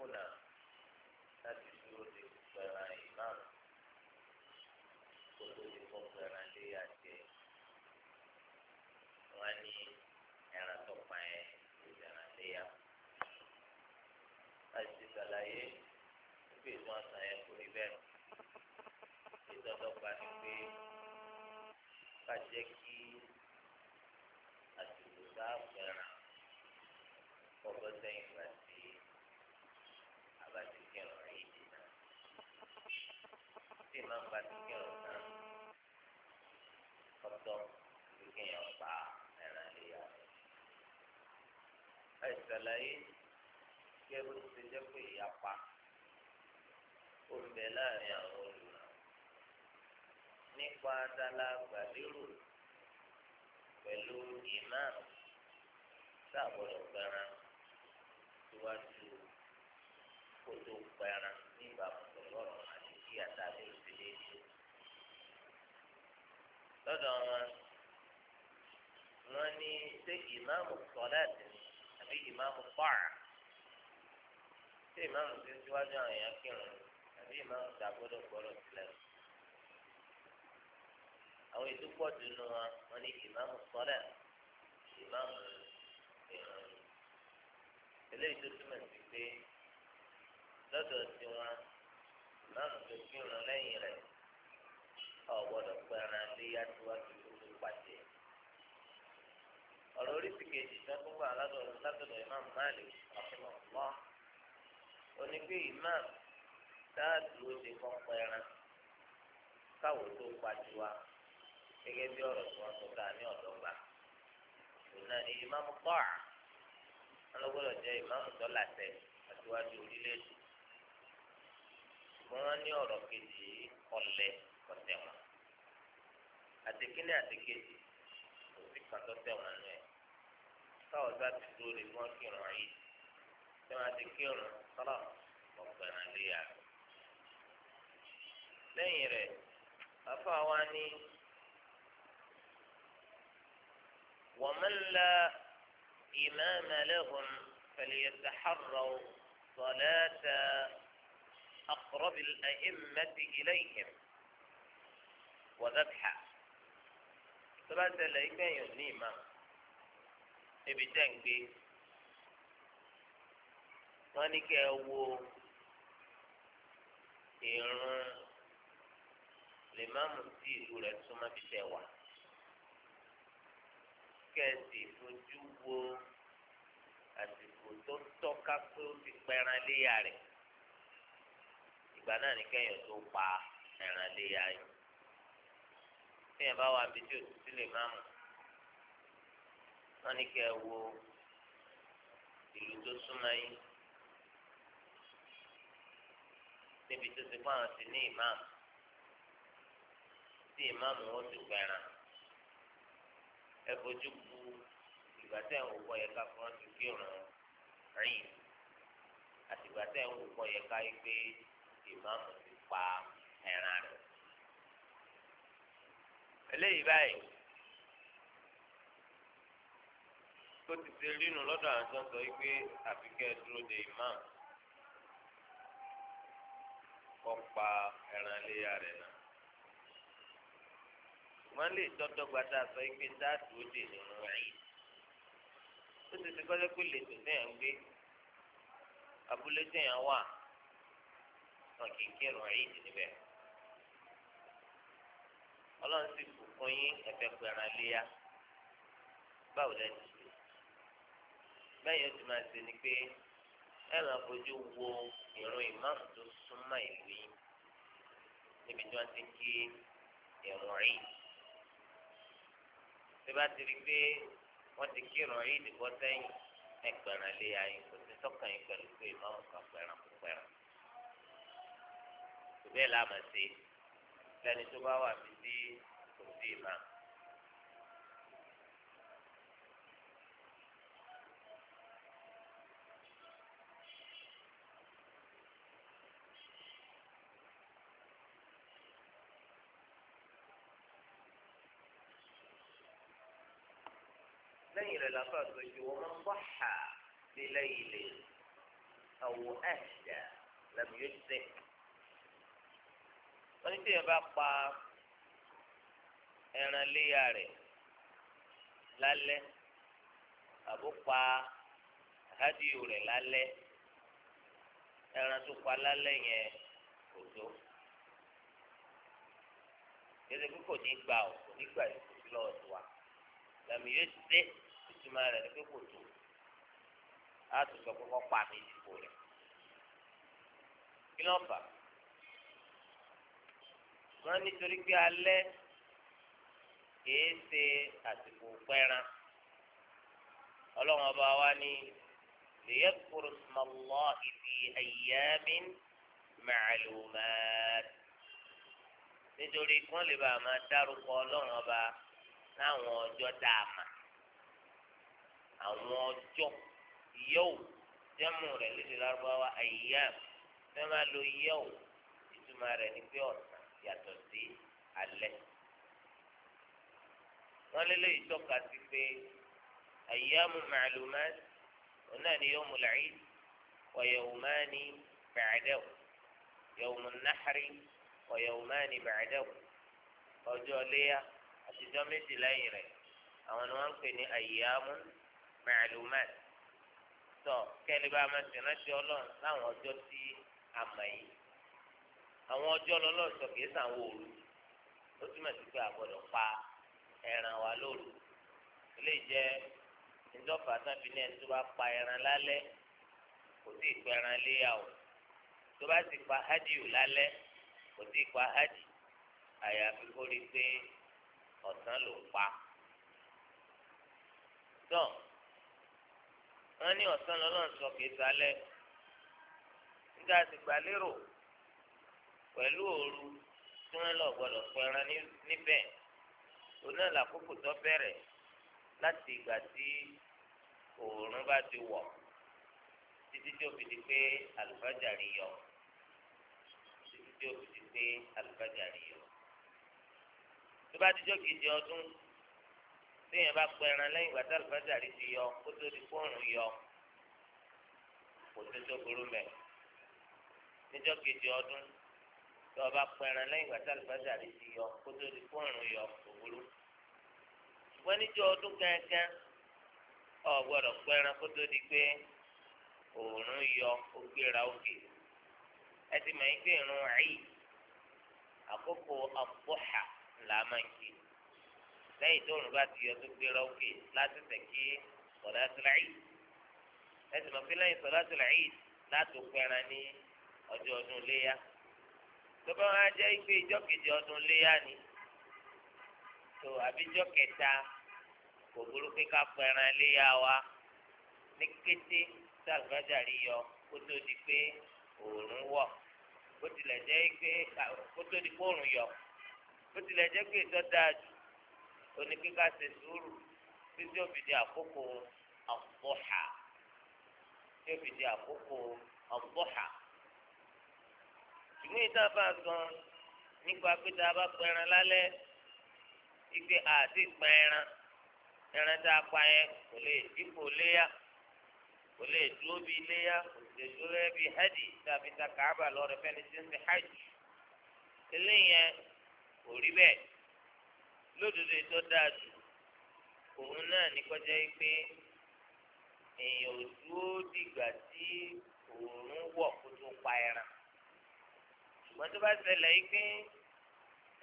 kùnà láti dúró de gbẹ̀rẹ̀ imam kó tó di fún gbẹ̀rẹ̀ lé àjẹ wọn ní ẹran tó pa ẹ ìgbẹ̀rẹ̀ lé yá. láti ti sàlàyé pé ìtàn àtàn yẹn kò rí bẹ́ẹ̀ ìtọ́jọ́ pa ni pé ká jẹ́ kí. bá ti kírun tán kọ́tọ́ bí kéèyàn pa ẹ̀ràn ìyá rẹ̀. ẹ ṣàlàyé kí ẹ bó ti ṣe jẹ́ pé ìyá pa ó ń bẹ láàrin àwọn olùrà nípa dala gbàlérò pẹ̀lú ìmáàmù sáàbọ̀lọ̀ gbẹran síwájú kótó gbẹran. lọ́dọ̀ wọn wọn ní ṣé ìmáàmù sọ̀láàtì àbí ìmáàmù fáà ṣé ìmáàmù tó síwájú àwọn èèyàn kírun àbí ìmáàmù tó agbọ́dọ̀ gbọ́dọ̀ sílẹ̀ àwọn ètò pọ̀ jù nù wọn wọn ní ìmáàmù sọ̀láàtì ìmáàmù ìrìn eléyìí tó túmọ̀ sí pé lọ́dọ̀ tiwọn ìmáàmù tó kírun lẹ́yìn rẹ̀ ọ̀gbọ́dọ̀ pẹ̀ràn léyà síwájú tó tó pàṣẹ. ọ̀rọ̀ oríṣi kejì tó ń gbà látọ̀dọ̀ látọ̀dọ̀ imam malik ọ̀fìnàmọ́ onígbé imam dáàdù ó ti kọ́ pẹ̀ràn káwọ́ tó pàṣẹ wa gẹ́gẹ́ bí ọ̀rọ̀ tí wọ́n tó ta ní ọ̀dọ́ ìnà ni imam kọ́à wọn lọ́gbọ́dọ̀ jẹ́ imam tó àtiwájú orílẹ̀-èdè. wọ́n ní ọ̀rọ̀ kejì ọ̀lẹ́ ọ̀tẹ̀ àtẹkínní àtẹkẹjì kò sí tó tẹ wọn lẹ káwọn bá ti dúró lè wọ́n kírun ayé tí wọ́n ti kírun sọ́lá ọ̀gbẹ̀rún léyà. lẹ́yìn rẹ̀ afa wa ni wọn ومن لا إمام لهم فليتحروا صلاة أقرب الأئمة إليهم وذبحه tó bá ṣẹlẹ̀ ìgbẹ̀yìn ní ìmọ̀ níbi tẹ́ ń gbé wọ́n ní kẹ́ ẹ wo ìrun lè má mú sí ìlú rẹ̀ súnmọ́ bí tẹ́ wà kẹ́ ẹ sì fojú wo àsìkò tó tọ́ka pé ó ti pẹran léyà rẹ̀ ìgbà náà ní kẹ́yìn tó pa ẹran léyà yìí téèyàn bá wà bí tí o sì lè máa mú wọn ní kẹ́ wo ìlú tó súnmọ́ yín níbi tó ti pa àwọn sí ní ìmáàmù tí ìmáàmù wọn ti gbẹ̀ràn ẹ fojú ku ìgbà tẹ̀ ń wọ ẹ̀ka fún ọ́n ti kírun rìn àtìgbà tẹ̀ ń wọ ẹ̀ka yìí pé ìmáàmù ti pa ẹran rẹ̀ eléyìí báyìí tó ti ṣe rínu lọ́dọ̀ àwọn tó ń sọ wípé àfikẹ́ dúró de imam kọ́ pa ẹran iléyà rẹ̀ náà wọ́n lè tọ́tọ́ gbàtà sọ wípé dá dúró de nínú ẹ̀yìn ó ti ti kọ́jọ́ pé lè tó sẹ́yìn ń gbé abúlé sẹ́yìn wà wọn kì í kírun ẹ̀yìn níbẹ̀ ọlọ́run sì fún fún yín ẹ̀fẹ́ pẹ̀ràn léyà báwo lẹ́ ti ṣe bẹ́ẹ̀ yóò ti máa ṣe ni pé ẹ lọ fojú wo ìrun ìmáàmù tó súnmọ́ ìlú yín níbi tí wọ́n ti kí ìrun rí tí bá ti rí pé wọ́n ti kí ìrun rí ìdìbò sẹ́yìn ẹ léyà yín kò sí sọ́kàn yín pẹ̀lú pé ìmáàmù kan pẹ̀ràn kò pẹ̀ràn bẹ́ẹ̀ láàmà ṣe lẹ́ni tó bá wà bí sí òsì ìmá. ليلة لفظ ومن ضحى بليل أو أهدى لم يجزئ wọ́n ní tí yẹn bá pa ẹran léya rẹ̀ lálẹ́ àbó pa hádìó rẹ̀ lálẹ́ ẹran tó pa lálẹ́ yẹn kò tó yẹtẹ pé kò ní gbà ọ kò ní gbà yìí kò sí lọ́wọ́ tó wa làmì yóò dé ìtumọ̀ rẹ̀ ní pé kò tó a tó sọ pé kọ́ pa mi ìdìbò rẹ̀ kí ló fà á wọn nítorí pé alẹ́ kìí ṣe àsìkò pẹran Ọlọ́run ọba wa ni lèyẹkùrù sọmọlọ ìdí ẹyẹmí màlúmáàt nítorí kí wọn lè bá a máa dárúkọ Ọlọ́run ọba láwọn ọjọ́ dáàmà àwọn ọjọ́ yóò jẹmú rẹ lédè lárúbáwá ẹyẹm fẹẹ máa lo yóò ìtumọ̀ rẹ̀ ní pé ọ̀nà yàtọ̀ sí alẹ́ wọn lé léyìí tọ́ka sí pé ayyamu ma'lumat ọ̀nà ni yawmul eid wa yawmani ba'dahu yawmun nahri wa yawmani ba'dahu ọjọ́ léyà àtijọ́ méjì lẹ́yìn rẹ̀ àwọn ni wọ́n ń pè ní ayyamu ma'lumat tọ́ kẹ́lẹ́ bá a máa ṣèrántí ọlọ́run láwọn ọjọ́ tí a mọ̀ yìí àwọn ọjọ́ lọ́lọ́sọ kìí sàwọn òru ó túmọ̀ sí pé a gbọ́dọ̀ pa ẹran wa lóru ilé jẹ́ ìjọba sábì ní ẹni tó bá pa ẹran lálẹ́ kò sí ìpa ẹran léyà o tó bá sì pa hádìó lálẹ́ kò sí ìpa hádì àyàfi kó rí i pé ọ̀sán ló pa tán wọ́n ní ọ̀sán lọ́lọ́sọ kìí sálẹ̀ nígbà tí gbàlérò pẹ̀lú òru tí wọ́n lọ gbọ́dọ̀ pẹran níbẹ̀ òun náà làkókò tó bẹ̀rẹ̀ láti ìgbà tí òòrùn bá ti wọ̀ títí tí ó fi di pé àlùfájàrí yọ títí tí ó fi di pé àlùfájàrí yọ. tó bá dijọ́ kejì ọdún téèyàn bá pẹran lẹ́yìn ìgbà tí àlùfájàrí ti yọ kó tó di fóònù yọ kò tó tó burú mẹ́. níjọ́ kejì ọdún tó o bá pẹran lẹ́yìn ìgbà tí àlùfáàjà rẹ̀ ti yọ kó tó di fóònù yọ òwúrú. ṣùgbọ́n níjọ́ ọdún kankan ọ̀ gbọ́dọ̀ pẹran kó tó di pé òòrùn yọ ó gbéra òkè. ẹ ti mọ̀ ẹ́ pé irun àyè àkókò àbúhà là máa ń kí lẹ́yìn tó òòrùn bá ti yọ tó gbéra òkè láti tẹ̀ kí sọ̀dá sílẹ̀ yìí. ẹ ti mọ̀ pé lẹ́yìn sọ̀dá sílẹ̀ yìí láti ní ọjọ́ ọdún léyà tọ́ba wọn á jẹ́ pé ìjọ kejì ọdún léyà ni tó àbíjọ kẹta kò burú pé ká pẹran léyà wa ní kété tá àlùfáàjàrí yọ kó tó di pé òòrùn wọ̀ bó tilẹ̀ jẹ́ pé kó tó di pé òòrùn yọ bó tilẹ̀ jẹ́ pé ìtọ́ dáa jù oní kíkà ṣe sùúrù títí ó fi di àkókò àbọ̀hà tí ó fi di àkókò àbọ̀hà ìwé ìtàfà gan nípa pé tá a bá pẹran lálẹ́ ike àti pẹran ẹran tá a pa yẹn kò lè dípò léyà kò lè dúró bí léyà kò lè dúró bí hẹ́dì tàbí ta kàába lọ́rẹ̀ fẹ́ni tí ń fi hajj eléyẹn kò rí bẹ́ẹ̀ lódodo ètò dáa jù òun náà ní kọjá yìí pé èèyàn ò dúró dìgbà tí òòrùn wọ̀ kó tó pa ẹran ṣùgbọ́n tó bá ṣẹlẹ̀ yìí pé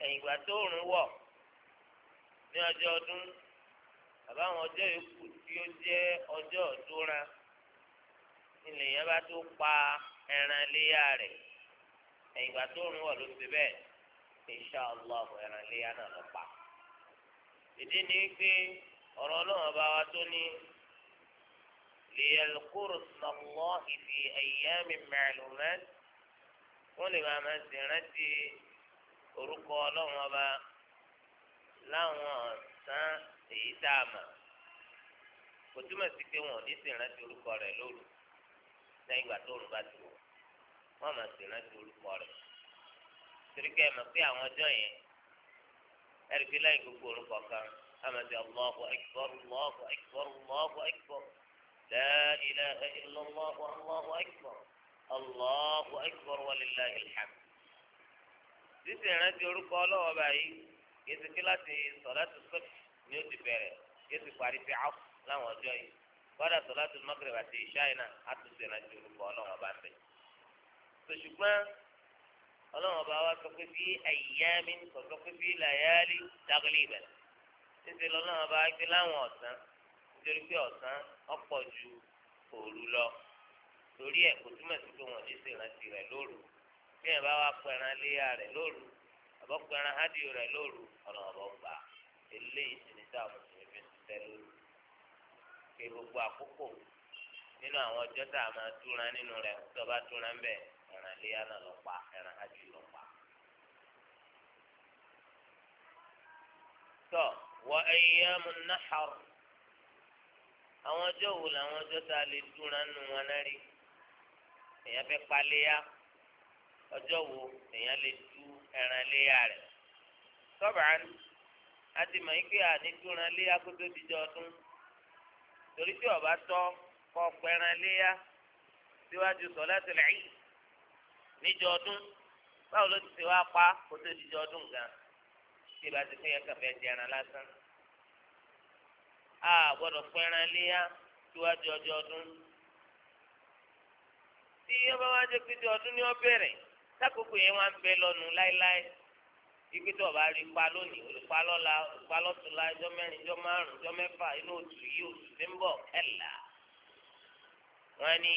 ẹ̀yìn ìgbà tó rùn wọ̀ ní ọjọ́ ọdún bàbá àwọn ọjọ́ yòókù tí ó jẹ́ ọjọ́ ọ̀dúnra ilẹ̀ yẹn bá tó pa ẹran léyà rẹ̀ ẹ̀yìn ìgbà tó rùn wọ̀ ló ti bẹ́ẹ̀ insha allah ẹran léyà náà lọ pa. ìdí ni pé ọ̀rọ̀ ọlọ́run bá wa tó ní lèyẹ̀lùkúrò sọ̀mọ́ ìfì ẹ̀yẹ́mì mẹ́rin wọ́n lè máa máa sì rántí orúkọ ọlọ́run ọba láwọn ọ̀sán èyí tá a mà kò túmọ̀ sí pé wọn ò ní sì rántí orúkọ rẹ̀ lóru lẹ́yìn ìgbà tó òrùn bá ti wọ̀ wọ́n máa sì rántí orúkọ rẹ̀ torí kẹ́ ẹ mọ̀ pé àwọn ọjọ́ yẹn ẹ̀rí pé lẹ́yìn gbogbo orúkọ kan àmọ̀ sí Allahu Akbar Allahu Akbar Allahu Akbar La ilaha illa Allahu الله أكبر ولله الحمد. sísè rántí orúkọ ọlọ́wọ́ báyìí yéésì kíláàsì sọ̀láàtì sọ́ọ̀tì ni ó ti bẹ̀rẹ̀ yéésì parí sí áfù láwọn ọjọ́ yìí gbọ́dọ̀ sọ̀láàtì mọ́kìrìbà àti ìṣáìnà àtúnṣe rántí orúkọ ọlọ́wọ́ bá ń bẹ̀. sòṣùgbọ́n ọlọ́wọ́ bá wa sọ pé fi ayyaami kò sọ pé fi làyáálì dàgọ́lì ibẹ̀ sísè lọ́wọ́ bá wá gbé láwọn ọ̀sán nítorí pé ọ̀sán ọ̀pọ̀ torí ẹ̀ kò túmọ̀ sí pé wọ́n ní ṣèrántí rẹ̀ lóru bí ẹ̀ bá wá pẹran léyà rẹ̀ lóru àbọ̀ pẹran hádìó rẹ̀ lóru ọ̀nà ọ̀bọ̀ gbà eléyìí sì ní sáà mùsùlùmí fi ṣiṣẹ́ lóru kí gbogbo àkókò nínú àwọn ọjọ́ tá a máa dúra nínú rẹ̀ tó bá dúra ń bẹ̀ ẹran léyà náà lọ pa ẹran hádìó lọ pa. tọ́ wọ ẹ̀yẹ́mu náà àwọn ọjọ́ wo làwọn ọjọ́ tá a lè dúra nínú wọn náà rí èèyàn fẹ́ paléyà ọjọ́ wo èèyàn lè tú ẹran léyà rẹ̀ sọ́bà á ti mọ̀ ike àní túran léyà kó tó di jọ ọdún torí tí ọba tọ́ kọ́ pẹran léyà síwájú sọ̀látul Eid níjọ ọdún báwo ló ti ṣe wá pa kó tó di jọ ọdún gan tí ìbá ti fún yẹn kàfẹ́ di ẹran lásán a gbọ́dọ̀ pẹran léyà síwájú ọjọ́ ọdún tí ọba wa jẹ́ pété ọdún ní ọbẹ̀rẹ̀ sákòókò yẹn wọn bẹ lọ́nu láéláé ibi tí ọba rí pa lónìí olùpa lọ́la olùpa lọ́túnla ẹjọ́ mẹ́rin ẹjọ́ márùn ẹjọ́ mẹ́fà inú oṣù yìí oṣù tí ń bọ̀ ẹ̀là wọn ni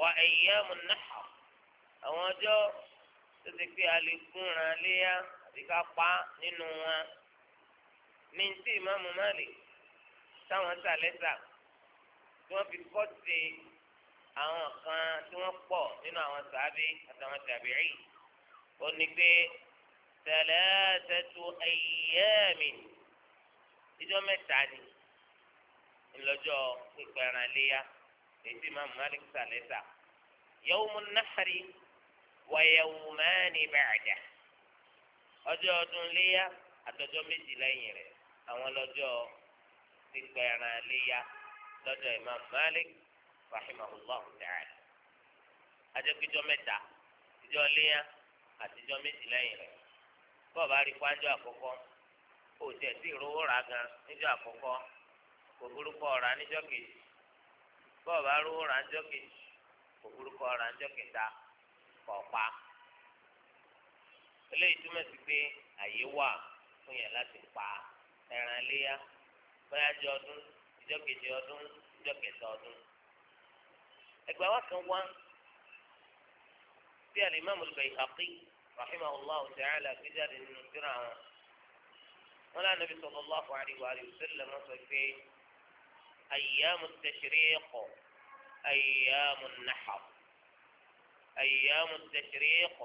wà ẹ̀yẹ́ mu náà àwọn ọjọ́ tó ti pé a lè gúnra léyà àti ká pa nínú wọn ní tí ìmáàmù Málíkì táwọn sàlẹ́sà tí wọ́n fi kọ́ àwọn kan tí wọ́n pọ̀ nínú àwọn sàábí àtàwọn tàbíì ó ní pé thalatatu ayyamin ìjọ mẹ́ta ni ńlọ́jọ́ pípẹ́ran léyà èsì máa malik sàlẹ́sà yawmun nahri wa yawmani ba'da ọjọ́ ọdún léyà àtọ́jọ́ méjì lẹ́yìn rẹ̀ àwọn lọ́jọ́ pípẹ́ran léyà lọ́jọ́ imam malik. rahimahullahu ta'ala adékijọ́ mẹ́ta ìjọ léyà àtijọ́ méjì lẹ́yìn rẹ̀ bọ́ọ̀bù àríkwájọ́ àkọ́kọ́ òtí ẹ̀ sì rówó rà gan níjọ́ àkọ́kọ́ kò burúkọ ọ̀rà níjọ́ kejì bọ́ọ̀bù arówó rà níjọ́ kejì kò burúkọ yẹn pa ẹran léyà bóyá ẹgbẹ́ wa kan wá bí alimami Bayhaqi rahimahullah ta'ala fi jáde nínú síra wọn wọn lé anabi sallallahu alayhi wa sallam wọn sọ pé ayyamu at-tashriq ayyamu an-nahr ayyamu at-tashriq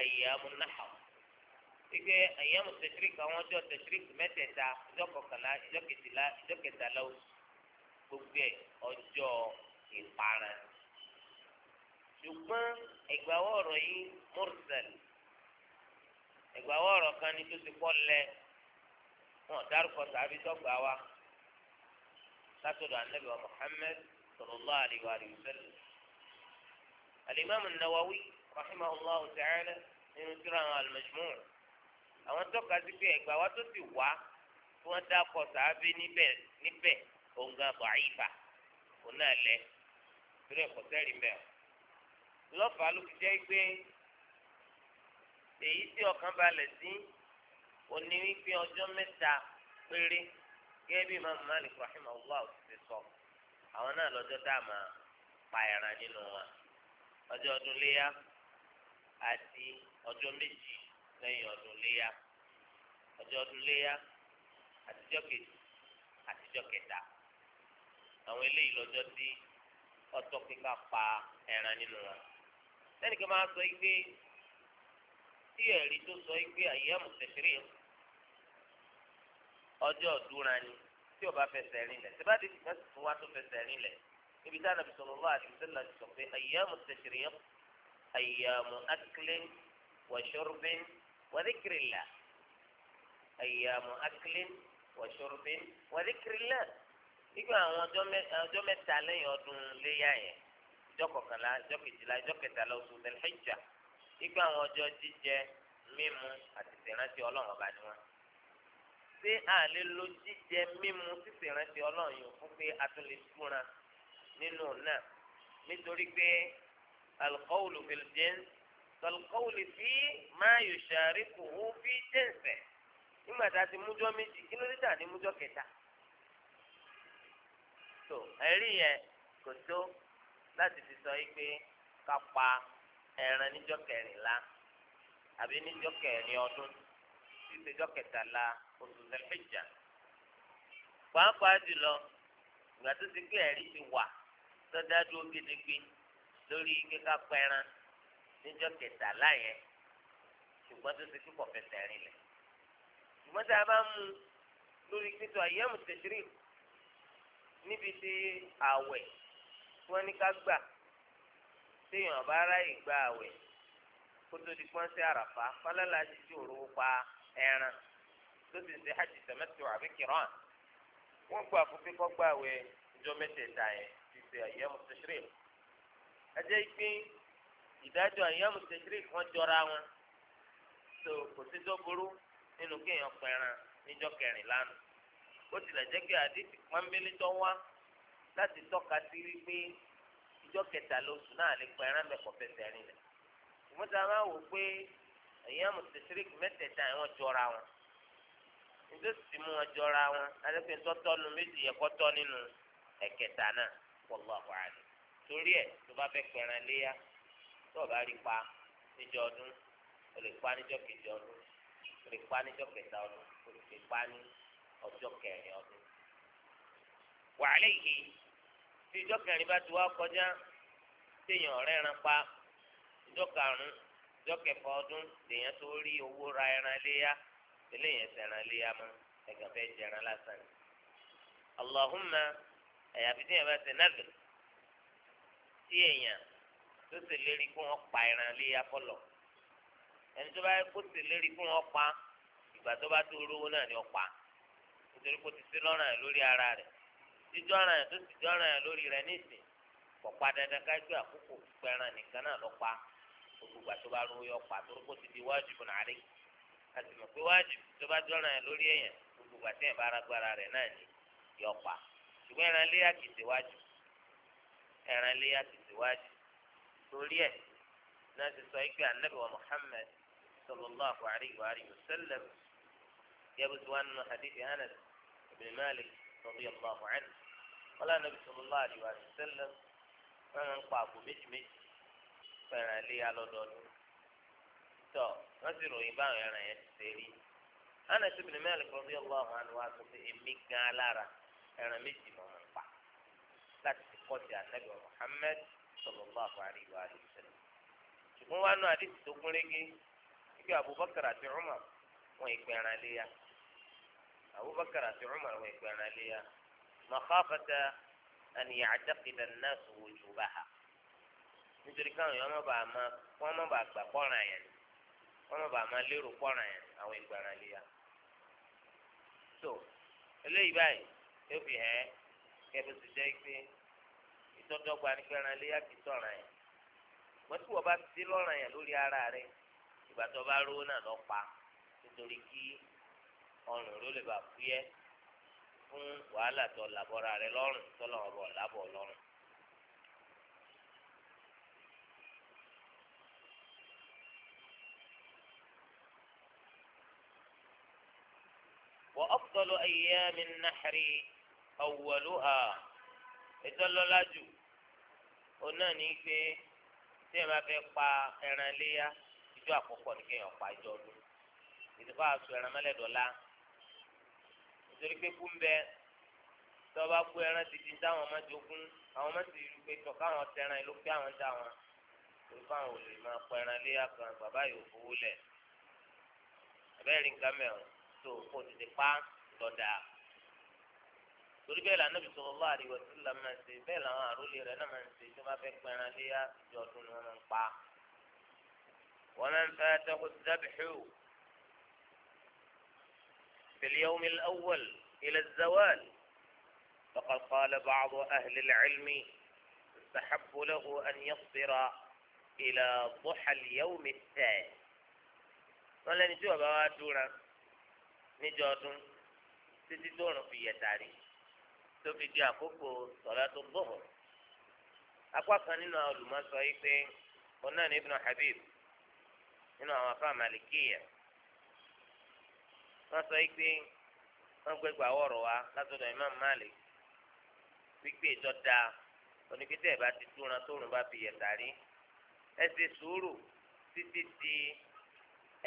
ayyamu an-nahr ike ayyamu at-tashriq àwọn ọjọ́ at-tashriq mẹ́tẹ̀ẹ̀ta ọjọ́ kọkànlá ọjọ́ kejìlá ọjọ́ kẹtàlá gbogbo ẹ̀ ọjọ́. ìpara ṣùgbọ́n ẹgbàáwọ̀ ọ̀rọ̀ yìí mursal ẹgbàáwọ̀ ọ̀rọ̀ kan ní tó ti pọ̀ lẹ wọn dárúkọ tàbí tọgbà wa látọ̀dọ̀ anabi wa muhammed sallallahu alayhi wa sallam alimami nawawi rahimahullahu ta'ala nínú tírà àwọn al-majmu' àwọn tọ́ka sí pé ẹgbàá wa tó ti wá tí wọ́n dárúkọ tàbí níbẹ̀ níbẹ̀ òǹgà bàáyìfà òun náà lẹ́ẹ̀ torí ẹ̀kọ́ sẹ́rì mẹ́ọ̀ lọ́fàá ló fi jẹ́ pé èyí tí ọkàn balẹ̀ sí òní wípé ọjọ́ mẹ́ta péré gẹ́gẹ́ bí Imam Malik rahimahullah ti sọ àwọn náà lọ́jọ́ tá a máa pa ẹran nínú wa ọjọ́ ọdún léyà àti ọjọ́ méjì lẹ́yìn ọdún léyà ọjọ́ ọdún léyà àtijọ́ kejì àtijọ́ kẹta àwọn eléyìí lọ́jọ́ tí ọtọ kíkà pa ẹran nínú wọn lẹ́nu kí n máa sọ yìí pé tí ẹ̀rí tó sọ yìí pé àyè mùsùlùmí ọjọ́ ọ̀dúnra ni tí ó bá fẹsẹ̀ rìn lẹ̀ tí bá di ìgbà tó wá tó fẹsẹ̀ rìn lẹ̀ ibi tí Ànábì sallallahu alaihi wasallam sọ pé àyè mùsùlùmí àyè mù akílẹ̀ wa shurbin àyè mù akílẹ̀ wa shurbin nígbà àwọn ọjọ́ mẹ́ta lẹ́yìn ọdún léyà yẹn ìjọ kọkànlá ìjọ kejìlá ìjọ kẹtàlá oṣù tẹlifíjà nígbà àwọn ọjọ́ jíjẹ mímu àti ìrántí ọlọ́run ọba ni wọn. ṣé a lè lo jíjẹ mímu títí ìrántí ọlọ́run yìí fún pé a tún lè túra nínú náà nítorí pé alukọ́wùlù fìlìjẹ́n alukọ́wùlù fi máa yòṣàrí kò wó fi jẹ́ǹsẹ̀ nígbà tá a ti mújọ́ méjì kí ló dé tà ní mújọ́ kẹta tó ẹ̀rí yẹn kò tó láti fi sọ yìí pé ká pa ẹran níjọ́ kẹrìnlá àbí níjọ́ kẹrin ọdún títí jọ́ kẹtàlá oṣù lẹ́fẹ̀jà pàápàá jùlọ ìgbà tó ti pé ẹ̀rí ti wà tọ́dájú gédégbé lórí kíkà pẹran níjọ́ kẹtàlá yẹn ṣùgbọ́n tó ti kíkọ̀ fẹsẹ̀ rìn lẹ̀ ṣùgbọ́n tá a bá mú lórí pípọ̀ ayé àmùtẹ̀sírì níbi tí àwẹ̀ tí wọ́n ní ká gbà téèyàn bá ráyè gba àwẹ̀ kó tó di pọ́ńsí àràfà fálálà ti di òru pa ẹran tó sì ṣe hajj tẹ̀mẹ́tò àbí kìrán wọ́n gba àfúnpé kọ́ gba àwẹ̀ ọjọ́ mẹ́tẹ̀ẹ̀ta yẹn ti ṣe àyẹ̀mú tẹ̀sírì ajẹ́ pé ìdájọ́ àyẹ̀mú tẹ̀sírì kan jọra wọn tó kò sí tó burú nínú kéèyàn pẹ̀ràn níjọ́ kẹrìnlá nù. bó tilẹ̀ jẹ́ pé àdìsí pọ́nbélé wá láti tọ́ka sí wípé ìjọ kẹtàlá oṣù náà lè pa ẹran mẹ́kọ̀ọ́ fẹsẹ̀ rìn lẹ̀. ìmúta máa wò pé ẹ̀yìn jọra wọn. sì mú wọn jọra wọn méjì tọ́ nínú ẹ̀kẹta náà torí ẹ̀ tó bá fẹ́ pẹ̀ràn léyà tó o bá rí pa níjọ ọdún o lè pa níjọ kejì ọdún o lè pa níjọ kẹta ọdún o ọjọ́ kẹrin ọdún wàhálà yìí tí ìjọ kẹrin bá ti wá kọjá téèyàn rẹ́ran pa ìjọ karùn-ún ìjọ kẹfà ọdún lèèyàn tó rí owó ra ẹran léyà eléyàn sẹ̀ran léyà mọ́ jẹran lásán ni. bá tí èèyàn tó sì lérí kó wọn pa ẹran léyà ẹni tó bá kó sì lérí kó wọn pa ìgbà tó bá tó rówó náà ni pa. torí kò ti sí lọ́ràn yẹn lórí ara rẹ̀ jíjọ́ ọ̀ràn yẹn tó sì jọ́ ọ̀ràn yẹn lórí rẹ̀ nísìn kò pa dandan ká gbé àkókò pẹran nìkan náà lọ pa olùgbà tó bá rú yọ pa torí kò ti di wájibun alayhi a sì mọ̀ pé wájib tó bá jọ́ yẹn lórí èèyàn olùgbà tí yẹn bá arágbára rẹ̀ náà ni yọ pa ṣùgbọ́n ẹran léyà kì í ṣe wájib ẹran léyà kì í ṣe wájib torí ẹ̀ náà ti sọ ikú anabi wa Muhammad sallallahu alayhi wa sallam yẹ bí tí hadith Anas بن مالك رضي الله عنه قال النبي صلى الله عليه وسلم أنا أنقعكم مجمج فأنا لي على دوني تو نزلوا يبان أنا يستيري أنا ابن مالك رضي الله عنه وأسف إمي قالارا أنا مجمع ما منقع لا تتقوتي عن النبي محمد صلى الله عليه وآله وسلم شوفوا أنه حديث تقول لك أبو بكر أتي عمر ويكبر عليها abubakar àti umar wọn ìgbàna léya makhafata an ya'taqida an-nasu wujubaha nítorí káwọn èèyàn má bàa má wọn má bàa gbà kọ́ran yẹn wọn má bàa má lérò kọ́ran yẹn àwọn ìgbàna léya so eléyìí báyìí yóò fi hẹ́ kẹ́bi ti jẹ́ pé ìtọ́jọ́gba ni kẹ́ran léya kì í tọ̀ràn yẹn wọ́n tí wọ́n bá ti lọ́ràn yẹn lórí ara rẹ̀ ìgbà tó bá rówó náà lọ́ pa nítorí kí. ọrùn ló lè bá fúyẹ́ fún wàhálà tó làbọ̀ra rẹ lọ́rùn tó lọ́wọ́ bọ̀ lábọ̀ lọ́rùn. وأفضل أيام النحر أولها ìtọ́lọ́lájú òun ní pé tí ẹ pa ẹran léyà ìjọ àkọ́kọ́ ní kéèyàn pa ìjọ nítorí pé kú ń bẹ tọ́ba kú ẹran ti di táwọn ọmọ jogún àwọn ọmọ sì rí i pé tọ́ka àwọn tẹran ló pé àwọn dá wọn torí fáwọn olè máa pọ ẹran léyà kan bàbá yóò fowó lẹ̀ abẹ́rẹ́ nǹkan mẹ́rin tó kó tètè pa lọ́dà torí bẹ́ẹ̀ lànà bí sallallahu alaihi wasallam máa ń ṣe bẹ́ẹ̀ làwọn àrólé rẹ̀ náà máa ń ṣe tó bá fẹ́ pẹran léyà ìjọ ọdún ni wọ́n máa ń pa. wa man fatahu dhabhu في اليوم الأول إلى الزوال فقد قال بعض أهل العلم استحب له أن يصبر إلى ضحى اليوم الثاني ولا نجوا بواتونا نجاتون تجدون في يتاري تبقي دي أكوكو صلاة الظهر أكوا كانين أولو ما صحيح إيه؟ ابن حبيب إنه وفاء مالكية wọ́n sọ pé wọ́n gbé gbà wọ̀rọ̀ wa látọ̀dọ̀ Imam Malik wípé ìjọ da onípítẹ́ ẹ̀ bá ti dúnra tóorùn bá fi yẹ̀ tàrí ẹ ṣe sùúrù títí di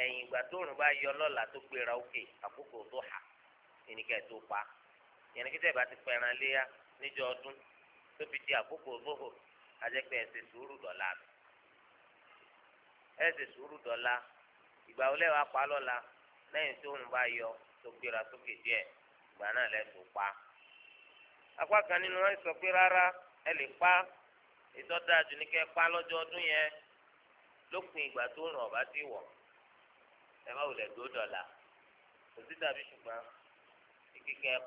ẹ̀yìn ìgbà tóorùn bá yọ lọ́la tó gbéra òkè àkókò tó hà ìníkẹ́ tó pa ìníkítẹ́ ẹ̀ bá ti pẹran léyà níjọ ọdún tó fi di àkókò òfófò àjẹpẹ́ ẹ sùúrù dọ̀la ẹ sùúrù dọ̀la ìgbà wo lẹ́wàá pa lọ́la. lẹ́yìn tó ń bá yọ tó gbéra sókè díẹ̀ ìgbà náà lẹ́tọ̀ pa. apá kan nínú wọn sọ pé rárá ẹ lè pa ìtọ́jú àjùníkẹ́ pa lọ́jọ́ ọdún yẹn lópin ìgbà tó ràn ọ̀bá ti wọ̀ ẹ bá wulẹ̀ tó dọ̀là kò sí tàbí ṣùgbọ́n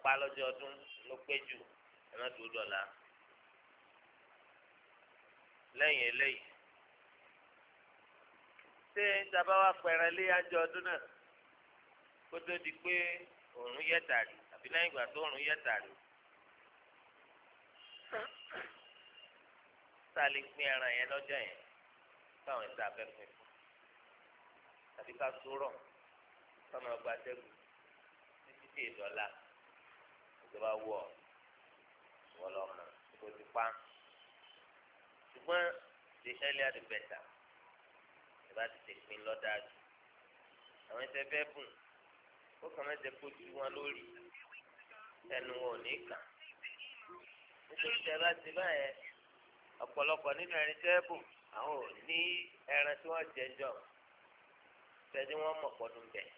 pa lọ́jọ́ ọdún ló pé jù ẹ má tó kó tó di pé òòrùn yẹ tàrí àbí lẹ́yìn ìgbà tó òòrùn yẹ tàrí tá a lè pín ẹran yẹn lọ́jọ́ yẹn táwọn ẹ̀sà abẹ́ pín fún tàbí ká sórọ̀ táwọn ọgbà dẹ́gùn títí tí ìdọ́là ìjọba wọ̀ wọ́n lọ mọ̀ kó ti pa ṣùgbọ́n the earlier the better ìbá ti tẹ̀ lọ́dáàjù àwọn ẹ̀sẹ̀ bùn ó kàn máa jẹ kojú wọn lórí ẹnu wọn ò ní kàn nítorí tẹ bá ti báyẹn ọ̀pọ̀lọpọ̀ nínú ẹni tẹ́ẹ̀bù àwọn ò ní ẹran tí wọ́n jẹ jọ tẹ́jú wọn mọ̀ pọ̀dún bẹ̀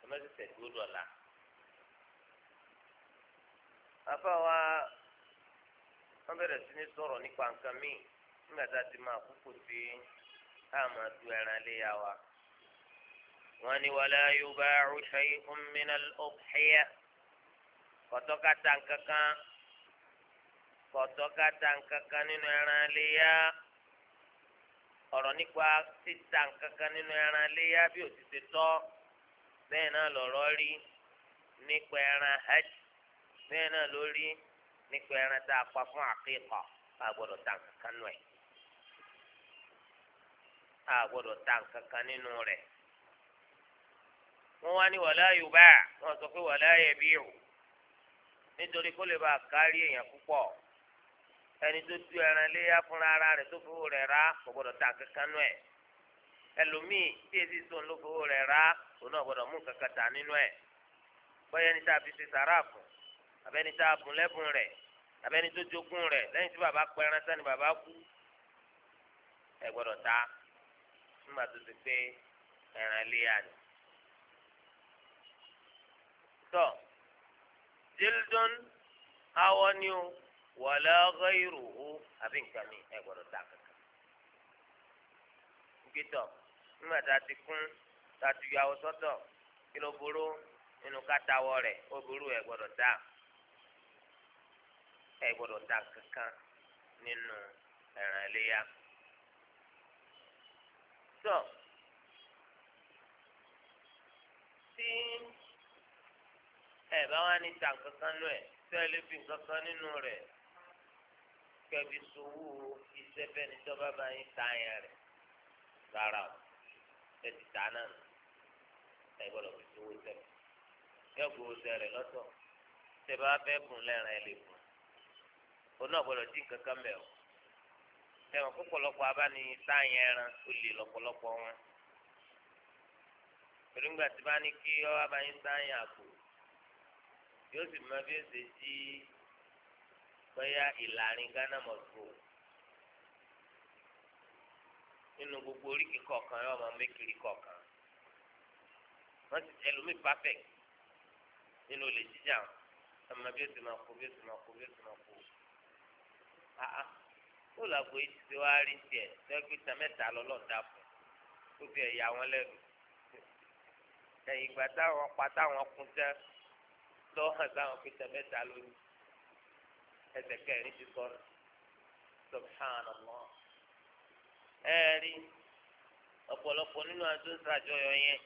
ẹ má ti tẹ̀sí ó dọ̀la. bàbá wa wọ́n bẹ̀rẹ̀ sí ní sọ̀rọ̀ nípa nǹkan míì nígbà tá a ti máa kúkú sí àmọ́ du ẹran léyà wa wọ́n ní wàlá yorùbá ṣe ìhùnmínà ọ̀hìyà kọ̀tọ́kàtà kankan kọ̀tọ́kàtà kankan nínú ẹran léyà ọ̀rọ̀ nípa títa kankan nínú ẹran léyà bí ó ti ṣe tọ́ bẹ́ẹ̀ náà lọ̀rọ̀ rí nípa ẹran hajj bẹ́ẹ̀ náà ló rí nípa ẹran tá a pa fún àkíkà àgbọ̀dọ̀ ta kankan nù ẹ̀ àgbọ̀dọ̀ ta kankan nínú rẹ̀ wọ́n wá ní wàlá yorùbá wọ́n sọ pé wàlá yẹ̀bí o nítorí kó lè bá a kárí èèyàn púpọ̀ ẹni tó du ẹran léyà fúnra ara rẹ̀ tó fowó rẹ̀ rà kò gbọdọ̀ ta kankan nù ẹ̀ ẹlòmíì tí èsì sùn ló fowó rẹ̀ rà òun náà gbọdọ̀ mú kankan tà nínú ẹ̀ bóyá ẹni tá a fi ṣe sàrà fún abẹ́ni tá a bùn lẹ́bùn rẹ̀ abẹ́ni tó jogún rẹ̀ lẹ́yìn tí bàbá pẹ́ ẹran sani bàbá kú ẹ gbọdọ̀ ta nígbà tó pé ẹran léyà ni tọ jildun awọ ni o wàlá ghayru o àbí nǹkan mi ẹ gbọ́dọ̀ dà kankan nkìtọ nígbà tá a ti kún tá a ti yọ awọ sọ́tọ̀ kí ló burú nínú kátàwọ rẹ ó burú ẹ gbọ́dọ̀ dà ẹ gbọ́dọ̀ dà kankan nínú ẹran iléyà tọ ẹ bá wá ní ta nǹkan kan lọ ẹ tẹ́lẹ̀ fi nǹkan kan nínú rẹ̀ kẹbi sowó iṣẹ́ bẹ́ẹ̀ ni dọ́ba bá yín ta yẹn rẹ̀ rárá o ẹ ti ta náà ẹ gbọ́dọ̀ fi sowó iṣẹ́ rẹ̀ kẹ́gbó iṣẹ́ rẹ̀ tẹ bá fẹ́ gùn lẹ́rìn ẹ lè gùn o náà gbọ́dọ̀ dín kankan mẹ́ o tẹ̀wọ̀n pọ̀pọ̀lọpọ̀ abáni ta yẹn ran o lè lọ́pọ̀lọpọ̀ wọn pẹ̀lú tí bá ní kí ọ abáyín ta yẹn àgbò yóò sì máa bí ẹsẹ̀ sí bẹ́yà ìlàrin ghana mọ̀tò nínú gbogbo oríkì kọ̀ọ̀kan yóò máa mékiri kọ̀ọ̀kan wọ́n ti ẹlòmíì perfect nínú olè jíjà ọmọ bí ẹsẹ̀ máa kó bí ẹsẹ̀ máa kó bí ẹsẹ̀ máa kó àá ó làgbo èyí tí wàá rí tiẹ̀ lẹ́gbẹ̀ta mẹ́ta lọ́lọ́dà fún tó fi ẹ̀yà wọn lẹ́nu ẹ̀yìn ìgbà táwọn pa táwọn kún tẹ́ tó hàn sáwọn pété mẹ́ta lónìí ẹsẹ̀ kẹrin ti sọ̀rọ̀ subhanallah ẹẹrí ọ̀pọ̀lọpọ̀ nínú àti ìsàjọyọ̀ yẹn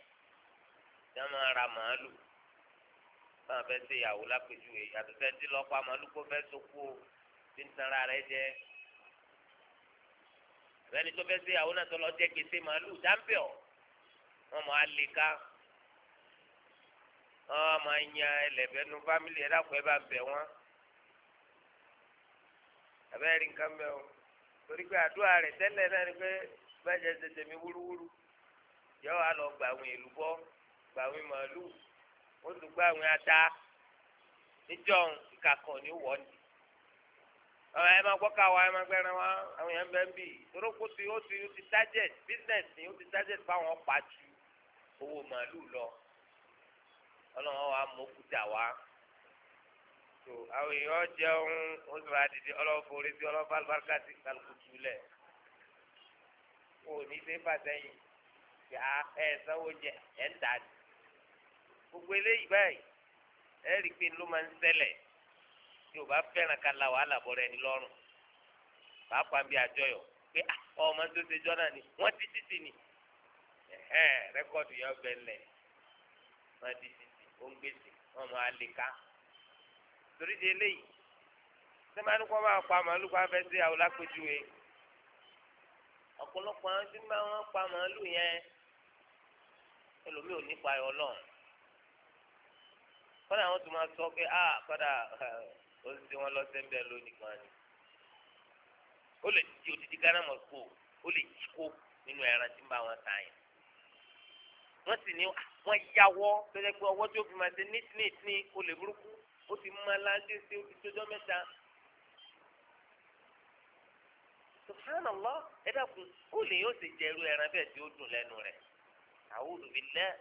yẹn máa ra màálù báwọn fẹ́ẹ́ ṣe ìyàwó lápèjúwe yàtọ̀ fẹ́ẹ́ ti lọpa màálù kó fẹ́ẹ́ sokú o tí ń tanra rẹ jẹ ẹni tó fẹ́ẹ́ ṣe náà tó lọ jẹ kété màálù dáńbẹ ọ wọn mọ alẹ ká wọn máa ń yan ẹlẹ́bẹ̀ nu fámìlì ẹ̀ dàpọ̀ ẹ̀ bá bẹ̀ wọ́n abẹ́rẹ́ nǹkan bẹ́ẹ̀ o torí pé àdúrà rẹ̀ tẹ́lẹ̀ náà ni pé bẹ́ẹ̀ jẹ́ tètè mi wúrúwúrú yọ wà lọ gbà àwọn èlùbọ́ gbà àwọn màálù ó tún gbà àwọn ata níjọ́ ìkàkọ̀ ní wọ́ọ̀dì àwọn ẹ̀ máa gbọ́ka wa ẹ̀ máa gbẹ́ran wa àwọn yẹn bẹ́ẹ̀ bì torí ti ó ti ó ti target business ni o ti target fáwọn ọ̀pá ju owó màálù lọ ọlọ́run wa mú òkúta wá tó àwọn èèyàn jẹun ó sì máa dìde ọlọ́run forí sí ọlọ́run fálùbáríkà sí kálukú túlẹ̀ kò ní ṣe fàsẹ́yìn kí a ẹ sanwó jẹ ẹ ń tà ní. gbogbo eléyìí báyìí ẹ rí i pé ló máa ń ṣẹlẹ̀ tí o bá fẹ́ràn ká la wàhálà bọ̀rọ̀ ẹni lọ́rùn pàápàá bí àjọyọ̀ pé ah, ọmọ tó ṣe jọ́nà ni wọ́n ti títì ni rẹ́kọ̀dù yẹn bẹ̀ lẹ̀ wọ́n ti ó ń gbèsè wọn mọ àlèká torí di eléyìí sẹ́mánú kọ́ máa pa màálù kó afẹ́ sí àwọn lápẹ́jùwe ọ̀pọ̀lọpọ̀ àwọn tí máa wọ́n pa màálù yẹn ẹlòmíì ò nípa ẹ̀ ọlọ́run kọ́nà àwọn tó máa sọ pé ah kọ́dà ó ń sin wọn lọ sẹ́ńbẹ́ lónìí kan ni ó lè di odidi ghana mọ̀ kó o lè jí kó nínú ẹran tí ń bá wọn yẹn wọ́n sì ní ah, wọ́n yàwọ́ tẹ́lẹ̀ pé ọwọ́ tí ó fi máa ṣe neat neat ní olè burúkú ó ti máa láńdé sí ojújọ́ mẹ́ta. subhanallah ẹ dàkún ó lè yóò ṣe jẹ irú ẹran bẹ́ẹ̀ tí ó dùn lẹ́nu rẹ̀ a'udhu billah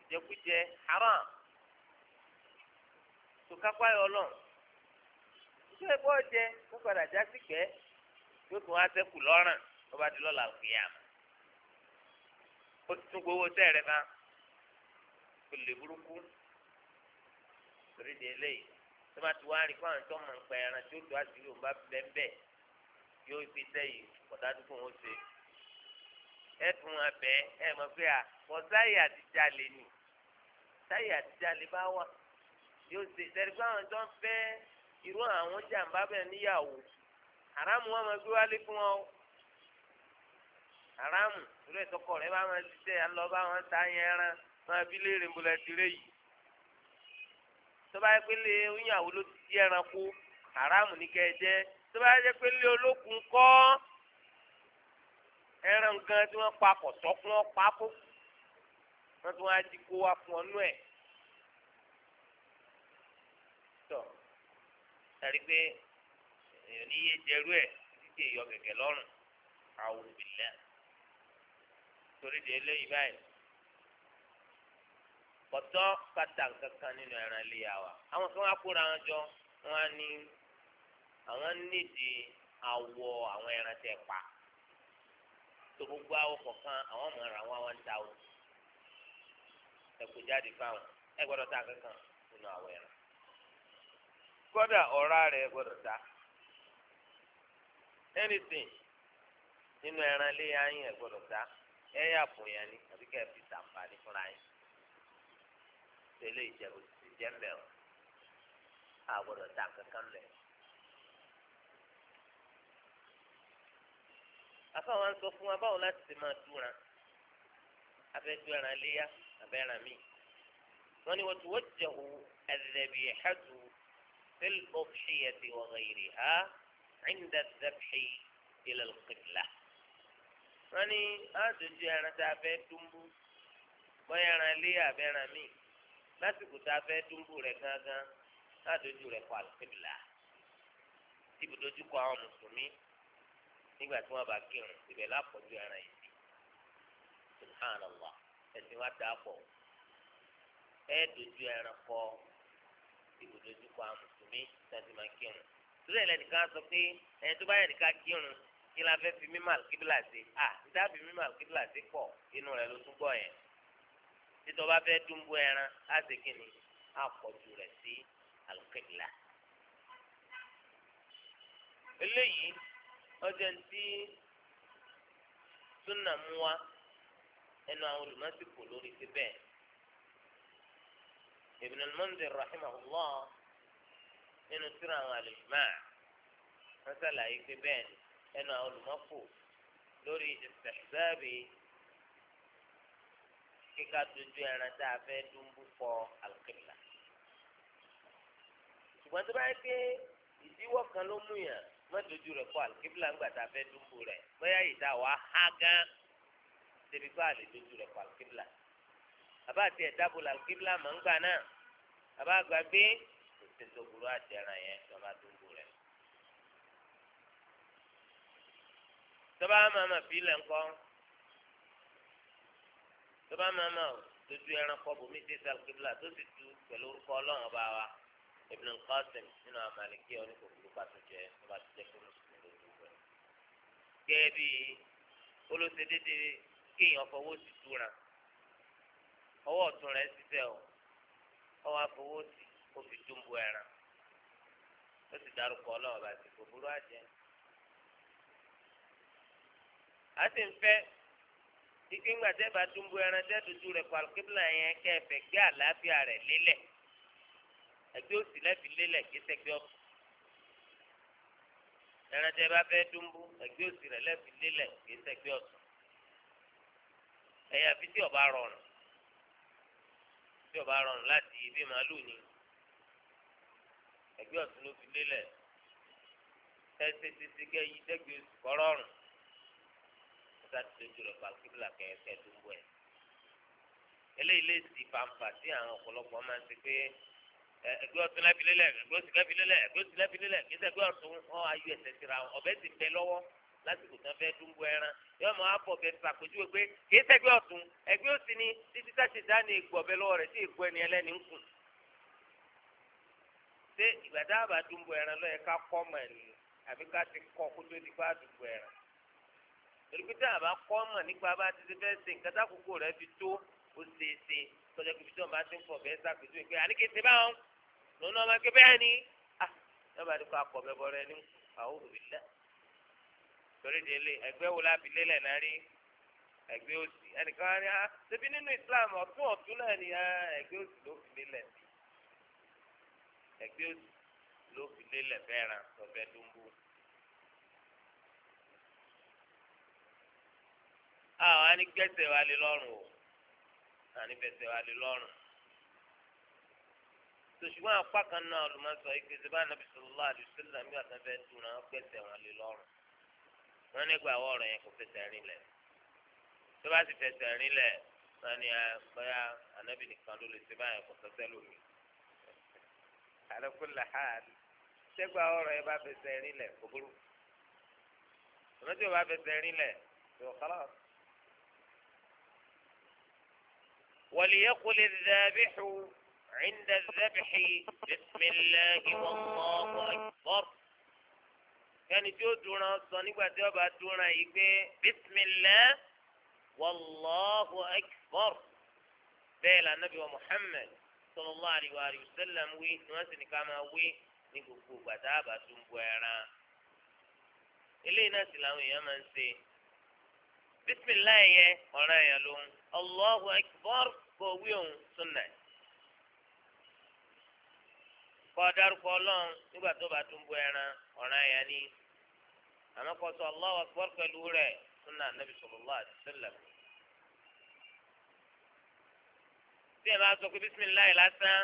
ìjẹkújẹ haram tòkápá yọ lọ ìjọ ẹgbẹ́ ọ̀jẹ̀ ló padà já sí pẹ́ yóò tún wá sẹ́kù lọ́rùn tó bá di lọ́la òkè yàrá ó ti tún gbowó sẹ́ẹ̀rẹ̀ kan kò lè burúkú torí di eléyìí tó bá ti wá rí fáwọn tó mọ̀ nípa ẹran tí ó tó àti yóò bá bẹ́ẹ̀ bẹ́ẹ̀ yóò fi sẹ́yìn kọ̀dájú fún wọn ṣe ẹ tún abẹ ẹ mọ̀ pé à kọ sáyè àtijọ́ àlè ni sáyè àtijọ́ àlè bá wà yóò ṣe ìtẹ́rí fáwọn tó ń fẹ́ irú àwọn jàǹbá bẹ́ẹ̀ níyàwó haramu wọn máa gbé wálé fún wọn o haramu irú ìtọ́kọ̀ rẹ bá wọn ṣiṣẹ́ alọ́ bá wọn ta yẹn rán máa bí léèrè ń bọ̀lá ti rẹ́ yìí tó bá yẹ pé lé oníyàwó ló ti di ẹranko haramu ní kẹ́ ẹ jẹ́ tó bá yẹ pé lé olókùn kọ́ ẹran gan tí wọ́n pa kọ̀tọ́ fún ọ pa kó wọ́n tún wá di kó wá fún ọ nú ẹ̀ tọ̀ tàbí pé èèyàn ní yé jẹrú ẹ̀ títí èèyàn gẹ̀gẹ̀ lọ́rùn àwọn olùbílẹ̀ torí de eléyìí báyìí. kọtọ kata kankan nínú ẹran léya wa àwọn kan wá kóra wọn jọ wọn á ní àwọn awọ àwọn ẹran tẹ pa tó gbogbo awọ kọ̀ọ̀kan àwọn ọmọ ara wọn wọn ta o ẹkọ jáde fáwọn awọ ẹran kódà ọ̀rá rẹ gbọ́dọ̀ ta anything nínú ẹran yín ẹ ta ẹ yà ni tẹ́lẹ̀ ìjẹun ti jẹ́ mẹ́rin àgbọ̀dọ̀ ta kankan lẹ̀. afáwọn sọ fún wa báwo láti ṣe máa dúnra afẹ́ dúnra léyà abẹ́ràn mi wọ́n ní wọ́n ti wọ́n jẹ́ òun ẹ̀rẹ̀bì ẹ̀hẹ́tù fẹ́lẹ̀ ọ̀ṣẹ́yẹ̀tì ọ̀rẹ́ ìrì ha ẹ̀ńdà dẹ́pẹ́ ilẹ̀ kìlá. wọ́n ní a àdójú ẹran tá a fẹ́ dúnbú bọ́yá ẹran léyà abẹ́ràn mi. lásìkò tá a fẹ́ dúró rẹ̀ gángan náà dojú rẹ̀ kọ àlùkébìlà ibù dojú kọ àwọn mùsùlùmí nígbà tí wọ́n bá kírun ibẹ̀ lápọ̀jù ara yìí subhanallah ẹ̀sìn wa dáa pọ̀ ẹ dojú ẹran kọ ibùdójú kọ àwọn mùsùlùmí láti máa kírun sílẹ̀ lẹ́nìkan sọ pé ẹni tó bá yẹ nìkan kírun kí la fẹ́ fi mímọ́ àlùkíbílà sí à níta fi mímọ́ àlùkíbílà sí pọ̀ inú rẹ̀ ló tún gbọ́ yẹn títọ́ bá fẹ́ dúnbó ẹran á sì kíni rẹ̀ sí al eléyìí ọjọ́ tí súnà mú wa ẹnu àwọn olùmọ̀síkò lórí ti bẹ́ẹ̀. Ibn al-Mundhir rahimahullah nínú tírà àwọn al wọ́n sàlàyé pé bẹ́ẹ̀ ẹnu àwọn olùmọ̀kò lórí istihbab kíká dojú ẹran tá a fẹ́ dúnbú fọ àlùkìlà. ṣùgbọ́n tó bá yẹ pé ìdíwọ́ kan ló mú yàn má dojú rẹ̀ fọ àlùkìlà ńgbà tá a fẹ́ dúnbú rẹ̀ bóyá ìdá wa há gan débi bá a lè dojú rẹ̀ fọ àlùkìlà. àbá àti ẹ̀dáàbò làlùkìlà mọ̀ ń gbà náà àbá àgbàgbé òṣèlú tó burú àti ẹran yẹn tó bá dúnbú rẹ̀. tọ́ba máa ma fi ilẹ̀ tó mama máa máa dojú ẹranko bomi tí sàlùkìbìlà tó sì tu pẹ̀lú orúkọ ọlọ́run ọba wa Ibn al-Qasim nínú amalekí ọ ní kò burú pàtó jẹ tó bá ti jẹ kó mùsùlùmí lójú rẹ. gẹ́gẹ́ bí olóṣèdédé kéèyàn fọwọ́ sí túra ọwọ́ ọ̀tún rẹ̀ ṣiṣẹ́ o ọwọ́ afọwọ́ sí kó fi dúnbò ẹran ó sì dárúkọ ọlọ́run ọba àti kò burú àjẹ. a sì ń fẹ́ ike ńgbà tẹ́ bá dúnbó ẹran tẹ́ dojú rẹ̀ pa alùkébìlà yẹn kẹ́ ẹ fẹ́ gbé àlàáfíà rẹ̀ lélẹ̀ ẹgbẹ́ òsì lẹ́fi lélẹ̀ kí sẹ́gbẹ́ ọ̀tún ẹran tẹ́ bá fẹ́ dúnbó ẹgbẹ́ òsì rẹ̀ lẹ́fi lélẹ̀ kí sẹ́gbẹ́ ọ̀tún ẹ̀yà fi tí ọba rọrùn tí ọba rọrùn láti ibi màálù ni ẹgbẹ́ ọ̀tún ló fi lélẹ̀ ẹ ṣe ṣe ṣe òsì kọ́ sáti lójú rẹ̀ pàkíbìlà kẹ̀kẹ́ tó ń bọ̀ ẹ̀. eléyìí lè di pàǹpà tí àwọn ọ̀pọ̀lọpọ̀ máa ń ṣe pé ẹgbẹ́ ọ̀tún láfi lélẹ̀ ẹgbẹ́ ọ̀tún láfi lélẹ̀ ẹgbẹ́ ọ̀tún láfi lélẹ̀ kí sẹ́gbẹ́ ọ̀tún wọn ayú ẹ̀sẹ̀ síra wọn ọ̀bẹ ti bẹ lọ́wọ́ lásìkò tán fẹ́ dúnbọ ẹran yóò máa bọ̀ bẹ ṣàpèjúwe pé kì í sẹ́gbẹ́ ọ̀tún ẹgbẹ́ òsì ni títí táṣe dání egbò ọ̀bẹ lọ́wọ́ rẹ̀ sí egbò ẹni ẹlẹ́ni ń kùn. ṣé ìgbà tá a bá dúnbọ ẹran lọ́yẹ ká kọ́ mọ̀ ẹ̀ nù erikutẹ àbá kọ́ mọ̀ nípa bá ti ti fẹ́ ṣe nǹkan sákòókò rẹ fi tó o ṣe é ṣe tọ́jà kìí tó ń bá ti ń fọ̀ bẹ́ẹ̀ ṣàpèjúwe pé àníkè ṣe báwọn lòun náà máa ké bẹ́ẹ̀ ni ah ẹ bá ti kọ́ akọ̀ bẹ́ẹ̀ bọ́rẹ́ ní àwọn òbílẹ̀ torí délé ẹgbẹ́ wo la fi lélẹ̀ náà rí ẹgbẹ́ òsì ẹnìkan á ní á ah! ṣebí nínú Islam ọ̀tún ọ̀tún náà ni ah! ẹgbẹ́ òsì ló fi lélẹ̀ ẹgbẹ́ òsì ló fi lélẹ̀ fẹ́ràn tọ́fẹ́ tó ń bú àwọn á ní gẹ́sẹ̀ wa lé lọ́rùn o àwọn á ní fẹsẹ̀ wa lé lọ́rùn tòṣùgbọ́n apá kan náà olùmọ̀sọ ìgbésẹ̀ bá nàbì sallallahu alaihi wasallam nígbà tó fẹ́ dùn náà gbẹ̀sẹ̀ wọn lé lọ́rùn wọn nígbà wọ ọ̀rọ̀ yẹn kò fẹsẹ̀ rìn lẹ̀ tó bá sì fẹsẹ̀ rìn lẹ̀ wọn ni ah, bóyá ànábì nìkan ló lè ṣe báyẹn kò sọ́sẹ́ lómi. àlọ́kùn làhálì ṣẹ́gbà ọ̀rọ̀ yẹn وليقل الذابح عند الذبح بسم الله والله أكبر كان جو دونا صاني بعدها بعد دونا بسم الله والله أكبر بين النبي ومحمد صلى الله عليه وآله وسلم وي نوازني كما وي نقول بعدها بعد دونا اللي ناس لهم يا سي بسم الله يا ورايا لهم Allahu akbar kò wí òun súnà kọ́ dárúkọ ọlọ́run nígbà tó bá tún bu ẹran ọ̀ràn yẹn ni àmọ́ kọ́ sọ Allahu akbar pẹ̀lú rẹ̀ súnà nàbì sallallahu alaihi wasallam. tí ẹ bá sọ pé bísímìláì lásán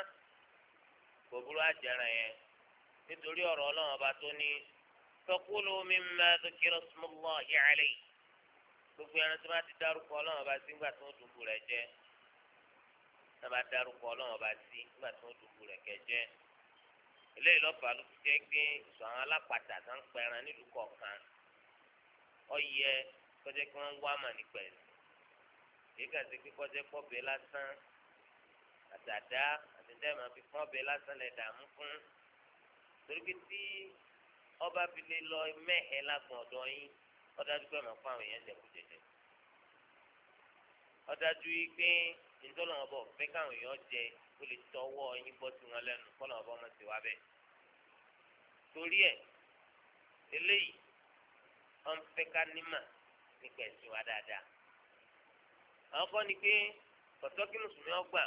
kò burú àjẹrán yẹn nítorí ọ̀rọ̀ ọlọ́run ọba tó ní taqulu mimma dhukira ismullahi alayhi gbogbo ẹran tí wọ́n ti dárúkọ ọlọ́run ọba sí nígbà tí wọ́n dùnkù rẹ̀ jẹ́ wọ́n bá dárúkọ ọlọ́run ọba sí nígbà tí wọ́n dùnkù rẹ̀ kẹjẹ́ eléyìí lọ́fà ló ti jẹ́ pé ìsọ àwọn alápàtà tó ń pẹran nílùú kọ̀ọ̀kan ọyẹ kọjá kí wọ́n wá mà nípa ẹ̀sìn èyí sí pé kọjá pọ̀bẹ lásán àtàdá àtẹ̀jẹ́ màá fi pọ̀bẹ lásán lẹ̀ dààmú fún torí pé tí ọba fi lè lọ mẹ́hẹ̀ẹ́ lágbọ̀n ọ̀dọ́ yín ọ̀dájú pé màá fún àwọn èèyàn jẹ̀kújẹ ọ̀dájú yìí pé ìtọ́lọ̀ ọ̀bọ̀ fẹ́ káwọn èèyàn jẹ kó lè tọwọ́ ẹyin bọ́ sí wọn lẹ́nu kọ́lọ̀ ọ̀bọ̀ ọmọ ti wá bẹ́ẹ̀. torí ẹ̀ eléyìí wọ́n fẹ́ ká nímà nípa ẹ̀sìn wa dáadáa. àwọn kọ́ ni pé ọ̀tọ́ kí mùsùlùmí ọgbà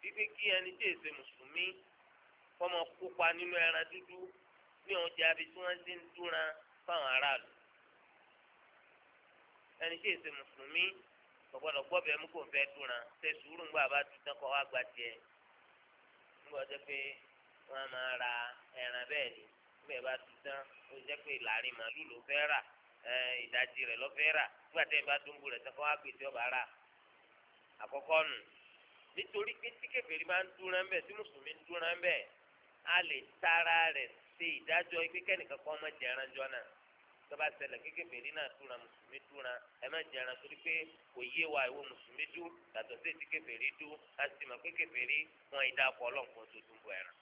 wípé kí ẹni tí èsè mùsùlùmí kọ́mọ kópa nínú ẹran dúdú ní ọjà bí tí wọ́n ti ń dúnra fáwọn aráàlú. ẹni tí èsè mùsùlùmí ọ̀gbọ́dọ̀ gbọ́ bẹ́ẹ̀ mú kó n fẹ́ dúnra ṣe sùúrù ńgbà bá ti tán kọ́ wá gba tiẹ̀ ńgbà jẹ́ pé wọ́n máa ra ẹran bẹ́ẹ̀ ni ńgbà bá ti tán ó jẹ́ pé ìlàrin màálù ló fẹ́ rà ìdajì rẹ̀ ló fẹ́ rà nígbà tẹ́ ẹ bá dúnbù rẹ̀ tán kọ́ wá gbèsè ọ̀bà rà àkọ́kọ́ nù nítorí pé tí kèfèrí máa ń dúnra ń bẹ̀ tí mùsùlùmí ń dúnra ń bẹ̀ a lè tara rẹ̀ ṣe ìdájọ́ pé kẹ́nìkan kọ́ ọmọ jẹranjọ́ náà tọ́ba ṣẹlẹ̀ kékeré fèrè náà túra mùsùlùmí túra ẹ má jẹ ẹran torí pé kò yé wa ìwọ mùsùlùmí dú yàtọ̀ sí ti kèfèrí dú láti sì mọ̀ pé kèfèrí wọn ìdá ọkọ̀ ọlọ́nkún tó dùn bọ̀ ẹran.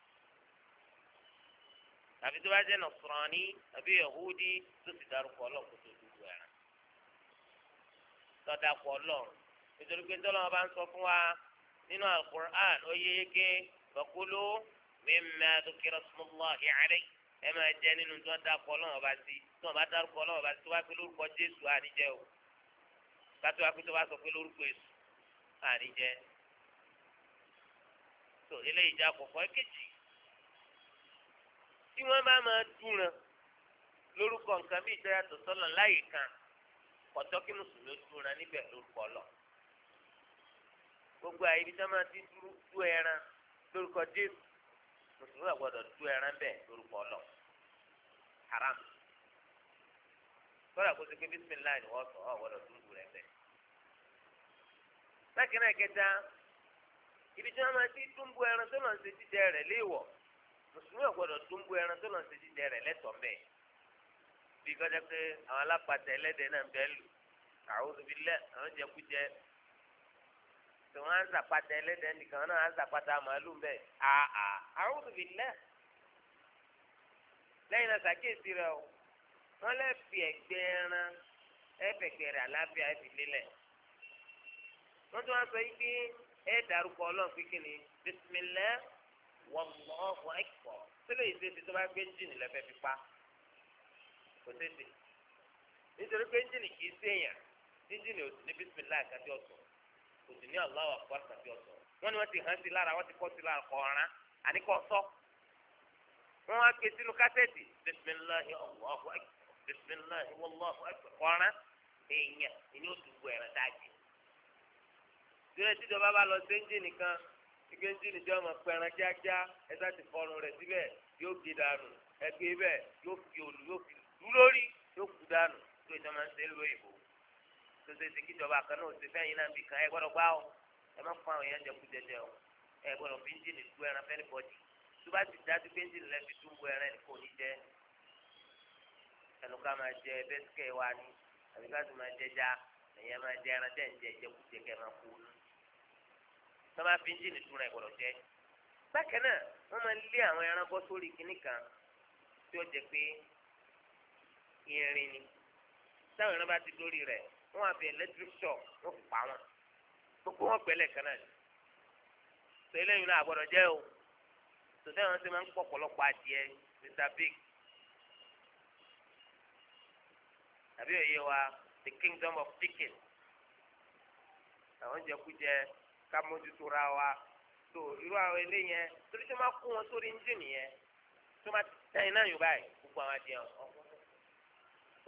tàbí tó bá jẹ́ nọ̀sùránì àbí yahudi tó sì dárúkọ ọlọ́nkún tó dùn bọ̀ ẹran. tọ́da kọ ọlọ́run nítorí pé tọ́lọ́wọ́n bá ń sọ fún wa nínú alukur'an ó yéye ké fakulu mimma dukira sumullahi ẹ máa jẹ nínú tí wọ́n dákọ̀ ọlọ́run ọba sí tí wọ́n bá dárúkọ ọlọ́run ọba sí tó bá pé lórúkọ jésù àníjẹ o kátó wá pé tó bá sọ pé lórúkọ èṣù àníjẹ tó eléyìí jẹ àkọ́kọ́ kejì tí wọ́n bá máa dúnran lórúkọ nǹkan bí ìtẹ́yàtọ̀ sọ́lọ̀ láyè kan kọ̀tọ́ kí mùsùlùmí ó dúnran níbẹ̀ lórúkọ lọ gbogbo àyè ibi tí wọ́n máa ti dúró ẹran lórúkọ jésù mùsùlùmí àgbọ̀dọ̀ tú ẹran bẹ́ẹ̀ lórúkọ lọ haram kọ́dà kó ti pé bísímìláì ni wọ́n sọ ọ́ àgbọ̀dọ̀ tú lù rẹ̀ bẹ́ẹ̀. sákìnà kẹta ibi tí wọ́n máa ti túnbù ẹran tó lọ́n ṣe jíjẹ rẹ̀ léèwọ̀ mùsùlùmí àgbọ̀dọ̀ túnbù ẹran tó lọ́n ṣe jíjẹ rẹ̀ lẹ́tọ̀ọ́ bẹ́ẹ̀ bí kọ́jà pé àwọn alápatà ẹlẹ́dẹ̀ náà bẹ́ẹ̀ lù a'udhu billah àwọn jẹkújẹ tí wọ́n á ń zàpàtà ẹlẹ́dẹ̀ nìkan náà á ń zàpàtà màálù bẹ́ẹ̀ àà a'udhu billah lẹ́yìn náà sàkíyèsí rẹ o wọ́n lè fi ẹ̀gbẹ́ ẹran ẹ̀fẹ̀gbẹ́ rẹ̀ àlàáfíà ẹ̀fì lélẹ̀ wọ́n tún wá sọ yìí pé ẹ̀ dárúkọ ọlọ́run pé kíni bismillah wallahu akbar sílẹ̀ yìí ṣèṣe tó bá gbé ẹ́ńjìnì lẹ́fẹ̀ fi pa kò ṣèṣe nítorí pé ẹ́ńjìnì kì í ṣèyàn ẹ́ńjìnì ò sí ní bismillah àkàtì ọ̀sán kò sì ní aláwọ̀ àpò àtàbí ọ̀sán wọ́n ní wọ́n ti hàn sí lára wọ́n ti kọ́ sí lára kọ̀ọ̀rán àníkọ́ sọ. wọ́n wá ké sínú kásẹ̀tì bisimilahi allahu akbar bisimilahi wallahu akbar kọ̀ọ̀rán èèyàn ìní oṣù gbọ ẹ̀rẹ̀ dájì. ìdúró tí ìjọba bá lọ sí ẹ́ńjìnì kan ike ẹ́ńjìnì tí wọ́n mọ̀ pẹ̀rẹ̀ kíákíá ẹ̀sà ti fọrùn rẹ̀ síbẹ̀ yóò gé dànù ẹgbẹ́ bẹ́ẹ̀ yóò fi òlù yóò fi lú lórí yóò kú dànù tó ìjọba ń ṣe lóyìnbó tó ṣe é ṣe kí ìjọba kan náà ṣe fẹ́yìn náà bìkan ẹ gbọ́dọ̀ gbá o ẹ má fún àwọn èèyàn jẹ kú jẹjẹ o ẹ gbọ́dọ̀ fi ẹ́ńjìnì du ẹran fẹ́ni bọ́dì tó bá ti dájú pé ẹ́ńjìnì lẹ́ fi dúró ẹran ẹ̀ kò ní jẹ ẹnu ká máa jẹ bẹ́síkẹ́ wa ni àbí ká sì máa jẹja ẹ̀yẹ máa jẹ ẹran tẹ̀ jẹ jẹ kú kẹ́ máa kú ní. tó bá fi ẹ́ńjìnì du ẹran gbọ́dọ̀ jẹ bákan náà wọ́n máa lé àwọn ẹran kan tí ó jẹ ni táwọn ẹran bá ti dórí wọn àbẹ electric shock wọn fi pa wọn gbogbo wọn pẹ̀lẹ́ kan náà tó eléyìí náà àgbọ́dọ̀ jẹ o tòtẹ́ wọn ti máa ń pọ̀ pọ̀lọpọ̀ adìẹ mr big tàbí òye wa the kingdom of chicken àwọn jẹkújẹ ká mójútó ra wa tó irú àwọn eléyẹn torí tó máa kó wọn sórí engine yẹn tó máa tẹ̀yìn náà yóò báyìí gbogbo àwọn adìẹ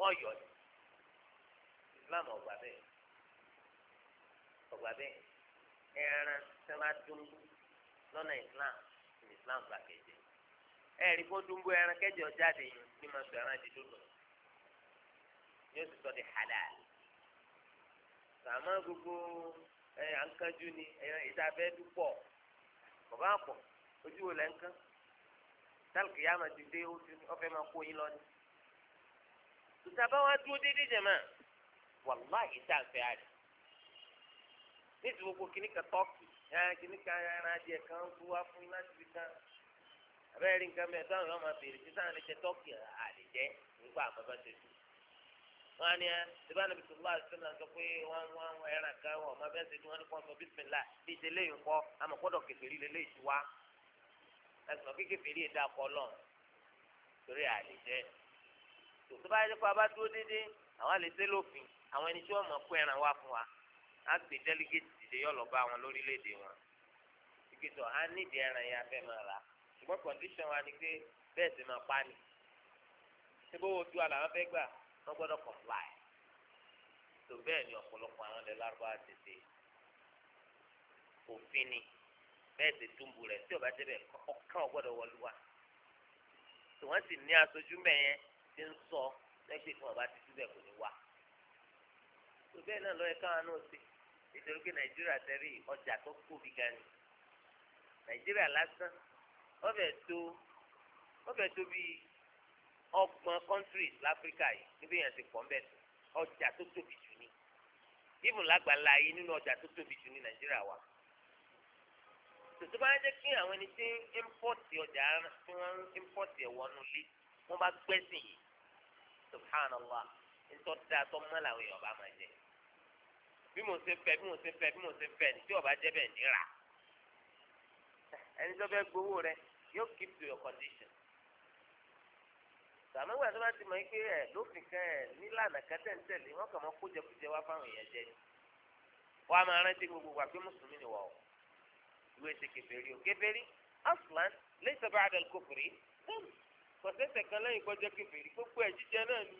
wọn yọ ni islam ọgbà bẹ́ẹ̀ ọgbà bẹ́ẹ̀ ẹran tẹ́ bá dúnbú lọ́nà islam ní islam gbà kẹjẹ ẹ̀rí kó dúnbú ẹran kẹjọ jáde yìí ní ma sọ ẹran di dúdú yóò sì sọ di halal sàmà gbogbo ẹ à ń kánjú ni ẹran ìta bẹ́ẹ̀ dúpọ̀ bàbá àpọ̀ ojú wo lẹ́ ń kán tálùkì yá ma ti dé ọfẹ́ máa kó yín lọ ni tùtàbá wa dúró déédéé jẹ̀ wàláhì tá a fẹ́ àrẹ ní ti gbogbo kìnnì kan tọ́kì kìnnì kan ara adìẹ kan ń bu wá fún iná síbi kan abẹ́rẹ́ rí nǹkan mẹ́ta àwọn ọmọ béèrè tí sáà lè jẹ àlè jẹ nígbà àbábá ṣe tù wọn ni ẹ sibana bisimilá sọlá sọ pé wọn wọn ẹran kan wọn ọmọ bẹ́ẹ̀ ṣe ni wọn ní kó sọ bisimilá bíi ṣe léyìn kọ amọ̀kọ́dọ̀ kẹfẹ́rí lé léyìn tiwa ẹsùn kí kẹfẹ́rí yẹn dá kọ́ lọ́n torí àlè jẹ tòtò báyìí nípa bá àwa lè ṣe lófin àwọn ẹni tí wọ́n mọ̀ pé ẹran wá fún wa á gbé délégéètì dìde yọ lọ bá wọn lórílẹ̀‐èdè wọn ìgbésọ̀ á nídìí ẹran yẹn afẹ́ máa rà ṣùgbọ́n kọ̀ǹdíṣọ̀n wa ni pé bẹ́ẹ̀ sì máa pa ni ṣé bó wojú wa làwọn fẹ́ gbà wọ́n gbọ́dọ̀ comply tó bẹ́ẹ̀ ni ọ̀pọ̀lọpọ̀ àwọn ilẹ̀ lárúbáwá ti ṣe òfin ni bẹ́ẹ̀ ti túmbù rẹ̀ tí ọba jẹ́ bẹ́ẹ̀ ọkàn ọgbọ́dọ̀ wọlúwa tí wọ́n sì ní aṣojú mẹ́yẹn ti ń sọ lẹ́gbẹ̀ẹ́ fún ọba ti síbẹ̀ kò ní wá. tó bẹ́ẹ̀ náà lọ́ọ́ ẹ̀ka àánú sí nítorí pé nàìjíríà tẹ́rí ọjà tó kóbi gan ni nàìjíríà lásán ọbẹ̀ tó ọbẹ̀ tó bíi ọgbọ̀n countries láfíríkà yìí níbi yẹn ti pọ̀ ń bẹ̀ tó ọjà tó tóbi jù ní even lágbàlá yìí nínú ọjà tó tóbi jù ní nàìjíríà wa tòtò bá jẹ́ kí àwọn ẹni tí ń import ọjà tí wọ́n ń import ẹ̀wọ̀n nulẹ̀ wọ́n bá gbẹ́sìn yìí subhanallah ntọ́ da tọ́ mọ́ làwọn èèyàn bá máa jẹ bí mo ṣe fẹ́ bí mo ṣe fẹ́ bí mo ṣe fẹ́ tí ọba jẹ́ bẹ́ẹ̀ nira ẹni tó fẹ́ gbowó rẹ yóò keep to your condition sàmì wà tó bá ti mọ̀ ike ẹ̀ lófin kan ẹ̀ nílànà kẹtẹ́ ń tẹ̀lé wọn kàn mọ́ kójẹkújẹ wá fáwọn èèyàn jẹ ni wọn a máa rántí gbogbo wa pé mùsùlùmí ni wà ó ìwé ṣe kèfèrí o kèfèrí aslan lẹ́sẹ̀ bá adàl kófìrí bẹ́ẹ̀ kọ̀sẹ́sẹ̀ kan lẹ́yìn kọjá kèfèrí gbogbo ẹ̀ jíjẹ náà ni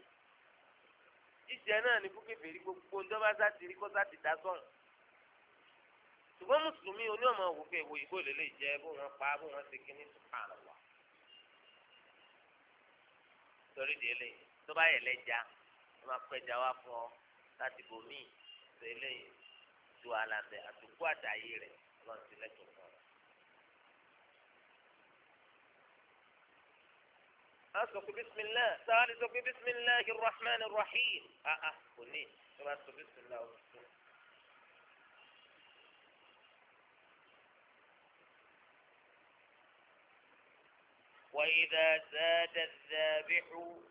jíjẹ náà ni fún kèfèrí gbogbo ń dọ́bà sáti rí kó sáti dá sọ̀rọ̀ ṣùgbọ́n mùsùlùmí oní ọmọ òwúfẹ́ ìwò ìbò lélẹ̀ jẹ́ bó wọn pa bó wọn ṣe kíní subhanallah torí délé tó bá yẹ lẹ́ja wọ́n máa pẹ́ja wá fún ọ láti bòmíì ṣe eléyìí ju àlàbẹ̀ àtúkú àdáyé rẹ̀ lọ́sílẹ̀ tó asòkè بسم الله ثالث بسم الله الرحمن الرحيم أه, آه، قولي ní بسم الله الرحمن وإذا زاد الذابح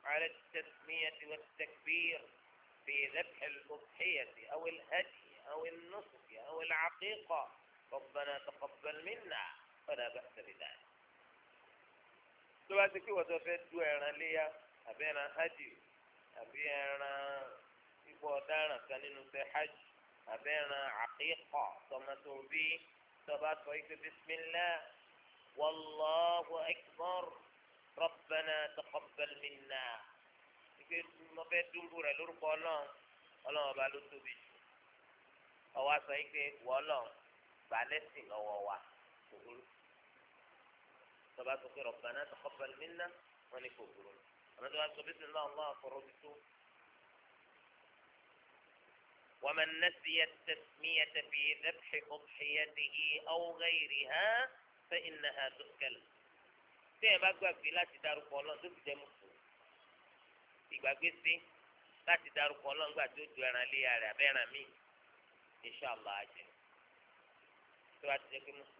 على التسمية والتكبير في ذبح الأضحية أو الهدي أو النصف أو العقيقة ربنا تقبل منا فلا بأس بذلك tó bá ti kí wọ́n tó fẹ́ du ẹran léyà àbí ẹran hajj àbí ẹran ipò ọ̀daràn kan nínú fẹ́ hajj àbí ẹran àkíkọ̀ tọmọtò bí tọba sọ ike bisimilá wàlláhu akbar rabbana taqabbal minna ike mo fẹ́ dúró rẹ̀ lórúkọ ọlọ́run ọlọ́run ọba ló tóbi jù ọwọ́ sọ ike wọ́ọ́lọ́ balẹ̀ sìn lọ́wọ́ wa kò burú tọba sọ pé rọ̀bànà taqabbal minna wọn ni kò burú àmọ́ tọba sọ bí sinmi àwọn akọrọ bí tó. ومن نسي التسمية في ذبح أضحيته أو غيرها فإنها تؤكل tẹ́yìn bá gbàgbé láti darúkọ ọlọ́run tó fi jẹ́ mùsùlùmí ìgbàgbé sí láti darúkọ ọlọ́run gbà tó ju ẹran lé ara rẹ̀ abẹ́ràn míì inṣàlá àjẹ tó bá ti jẹ́ pé mùsùlùmí.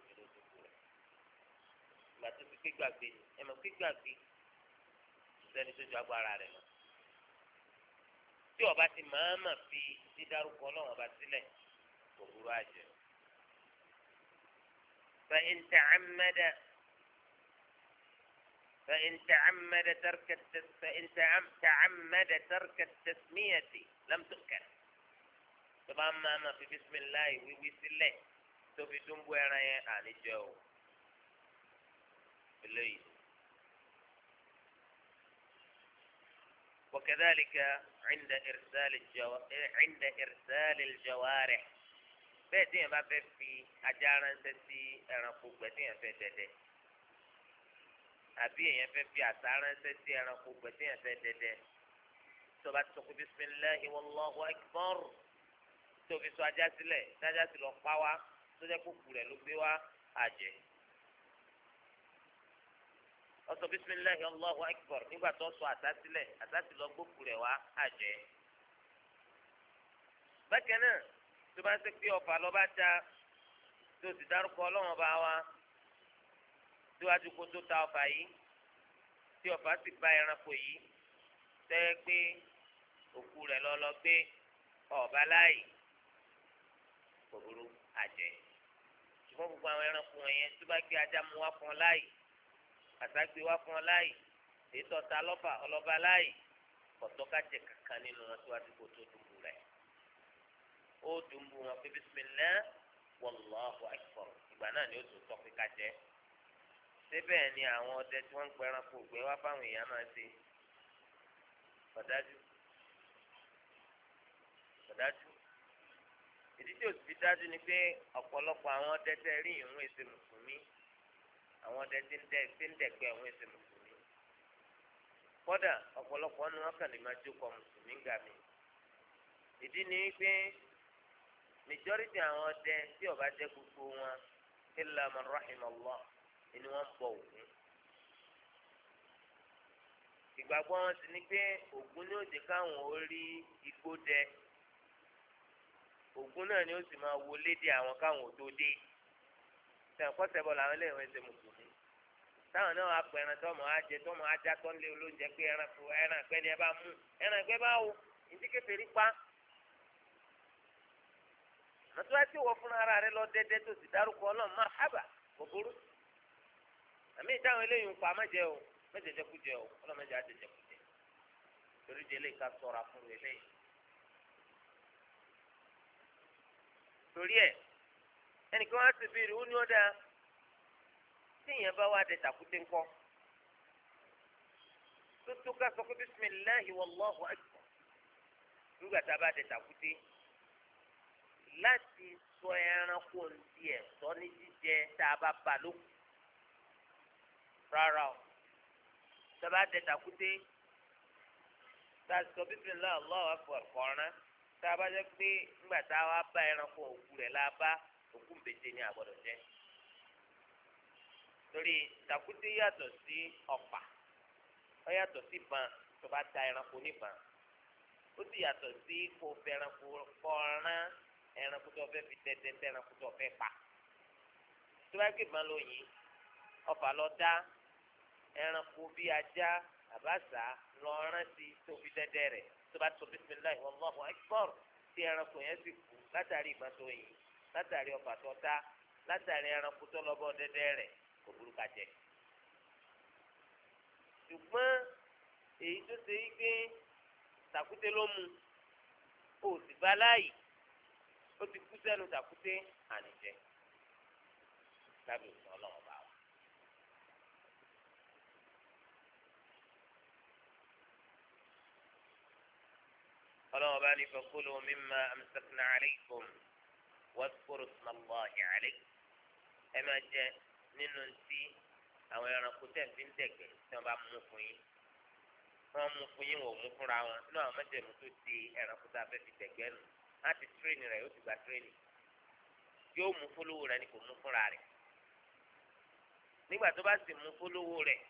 ìgbà tó fi gbígbàgbé ni ẹ mọ̀ gbígbàgbé sẹ́ni tó ju agbára rẹ̀ lọ. tí ọba ti màámà maa fi dídárúkọ náà ọba sílẹ̀ kò burú àjẹ́. فإن تعمد فإن تعمد ترك التس... فإن تعمد ترك التسمية لم تؤكل طبعا ما في بسم الله ويوي سلة تو في دنبو أنا يعني جو eléyìí. وكذلك عند إرسال الجو... عند إرسال الجوارح bẹ́ẹ̀ tí yẹn bá fẹ́ fi ajá ránṣẹ́ sí ẹranko gbẹ tí yẹn fẹ́ dẹdẹ àbí èèyàn fẹ́ fi àṣà ránṣẹ́ sí ẹranko gbẹ tí yẹn fẹ́ dẹdẹ tó bá tó kú bisimilahi wàlláhu akbar tó fi sọ ajá sílẹ̀ tájá sí lọ pa wá tó jẹ́ kó kù rẹ̀ ló gbé wá àjẹ́ ọsọ bisimilahi allahu akbar nígbà tó sọ àtàtìlẹ àtàtìlọ gbókù rẹ wá àjẹ. bákan náà tó bá ń ṣe pé ọfà lọ́ba ta tó sì dárúkọ ọlọ́wọ́n bá wa síwájú kó tó ta ọfà yìí tí ọfà sì bá ẹranko yìí tẹ́ pé òkú rẹ̀ lọ lọ gbé ọ̀ọ́bá láàyè kòkòrò àjẹ ṣùgbọ́n gbogbo àwọn ẹranko wọ̀nyẹn tó bá gbé ajá mu wá fún ọ láàyè àtàgbé wá fún ọ láàyè ètò ọ̀tá lọ́fà ọlọ́ba láàyè kọ̀tọ́kàjẹ kankan nínú wọn síwájú kó tó dùnbù rẹ̀ ó dùnbù wọn pé bisimilá wàlláhu akbar ìgbà náà ni ó tún tọ́ pé kájẹ síbẹ̀ ni àwọn ọdẹ tí wọ́n ń pẹran kó gbé wá fáwọn èèyàn máa ṣe kọ̀dájú kọ̀dájú ìdí tí ni pé ọ̀pọ̀lọpọ̀ àwọn ọdẹ tẹ́ rí ìrún èsè mùsùlùmí àwọn ọdẹ tí ń dẹ tí ń dẹgbẹ àwọn ẹsẹ mùsùlùmí kódà ọ̀pọ̀lọpọ̀ ọ̀nà wọn kàn lè máa jókòó mùsùlùmí gà mí ìdí ni pé majority àwọn ọdẹ tí ọba jẹ gbogbo wọn illa man rahim Allah ni wọ́n bọ ògún ìgbàgbọ́ wọn sì ni pé ògún ni ó jẹ káwọn ó rí igbó dẹ ògún náà ni ó sì máa wọlé dé àwọn káwọn ò sẹ̀wọ̀n kọ́sẹ̀ bọ̀ làwọn eléyìí wọ́n ṣe mùsùlùmí táwọn náà wà pé ẹran tọmọ ajẹ tọmọ ajá tó ń lé olóúnjẹ pé ẹran kò ẹran ìpẹ́ ni ẹ bá mú ẹran ìpẹ́ bá wo ìdí kékeré pa mọ̀tò àti wọ fúnra ara rẹ lọ dẹ́dẹ́ tó ti dárúkọ ọlọ́run má hábà kò burú àmì ìdáhùn eléyìí ń pa mẹ́jẹ o mẹ́jẹjẹ jẹ kú jẹ torí délé ẹnìkan wá sí bíi rè ó ní ọ̀dà tíyẹn bá wà dé tàkúté ńkọ tó tó ká sọ pé bisimilahi wàlláhu akbar nígbà tá a bá dé tàkúté láti sọ ẹranko ti ẹ̀ sọ ní jíjẹ tá a bá bà ló rárá o tá a bá dé tàkúté tá a sọ bisimilahi wàlláhu akbar kọ̀ọ̀rán tá a bá jẹ́ pé nígbà tá a wá bá ẹranko òkú rẹ̀ la òkú pété ní àgbọ̀dọ̀ jẹ́ torí tàkúté yàtọ̀ sí ọ̀pá ó yàtọ̀ sí bàn tó bá ta ẹranko níbàn ó sì yàtọ̀ sí kó fẹ́ ẹranko kọ́ran ẹranko tó fẹ́ fi tẹ́tẹ́ tẹ́ ẹranko tó fẹ́ pa tó bá gbé bàn lóyìn ọ̀fà lọ dá ẹranko bíi ajá àbáṣà lọ rántí tó fi tẹ́tẹ́ rẹ̀ tó bá tó bisimilayi wallahu akbar tí ẹranko yẹn sì kú látàrí ìgbà tó látàrí ọfà tó ta látàrí ẹranko tó lọ́bọ̀ dẹ́dẹ́ rẹ̀ kò burú ká jẹ. ṣùgbọ́n èyí tó ṣe yí pé tàkúté ló mu kò sì bá láàyè ó ti kú sẹ́nu tàkúté ànìjẹ lábẹ́ òfin ọlọ́run bá wa. ọlọ́run bá ní fakulu mimma amsakna alaykum wadhkuru ismallahi alayhi ẹ máa jẹ nínú tí àwọn ẹranko tẹ̀ fi ń dẹ̀gbẹ́ tí wọ́n bá mú fún yín wọ́n mú fún yín wọ́n mú fúnra wọn nínú àwọn mẹ́tẹ̀ẹ̀mú tó di ẹranko tá a fẹ́ fi dẹ̀gbẹ́ nù láti tírénì rẹ̀ yóò ti gba tírénì yóò mú fólówó rẹ̀ ni kò mú fúnra rẹ̀ nígbà tó bá sì mú fólówó rẹ̀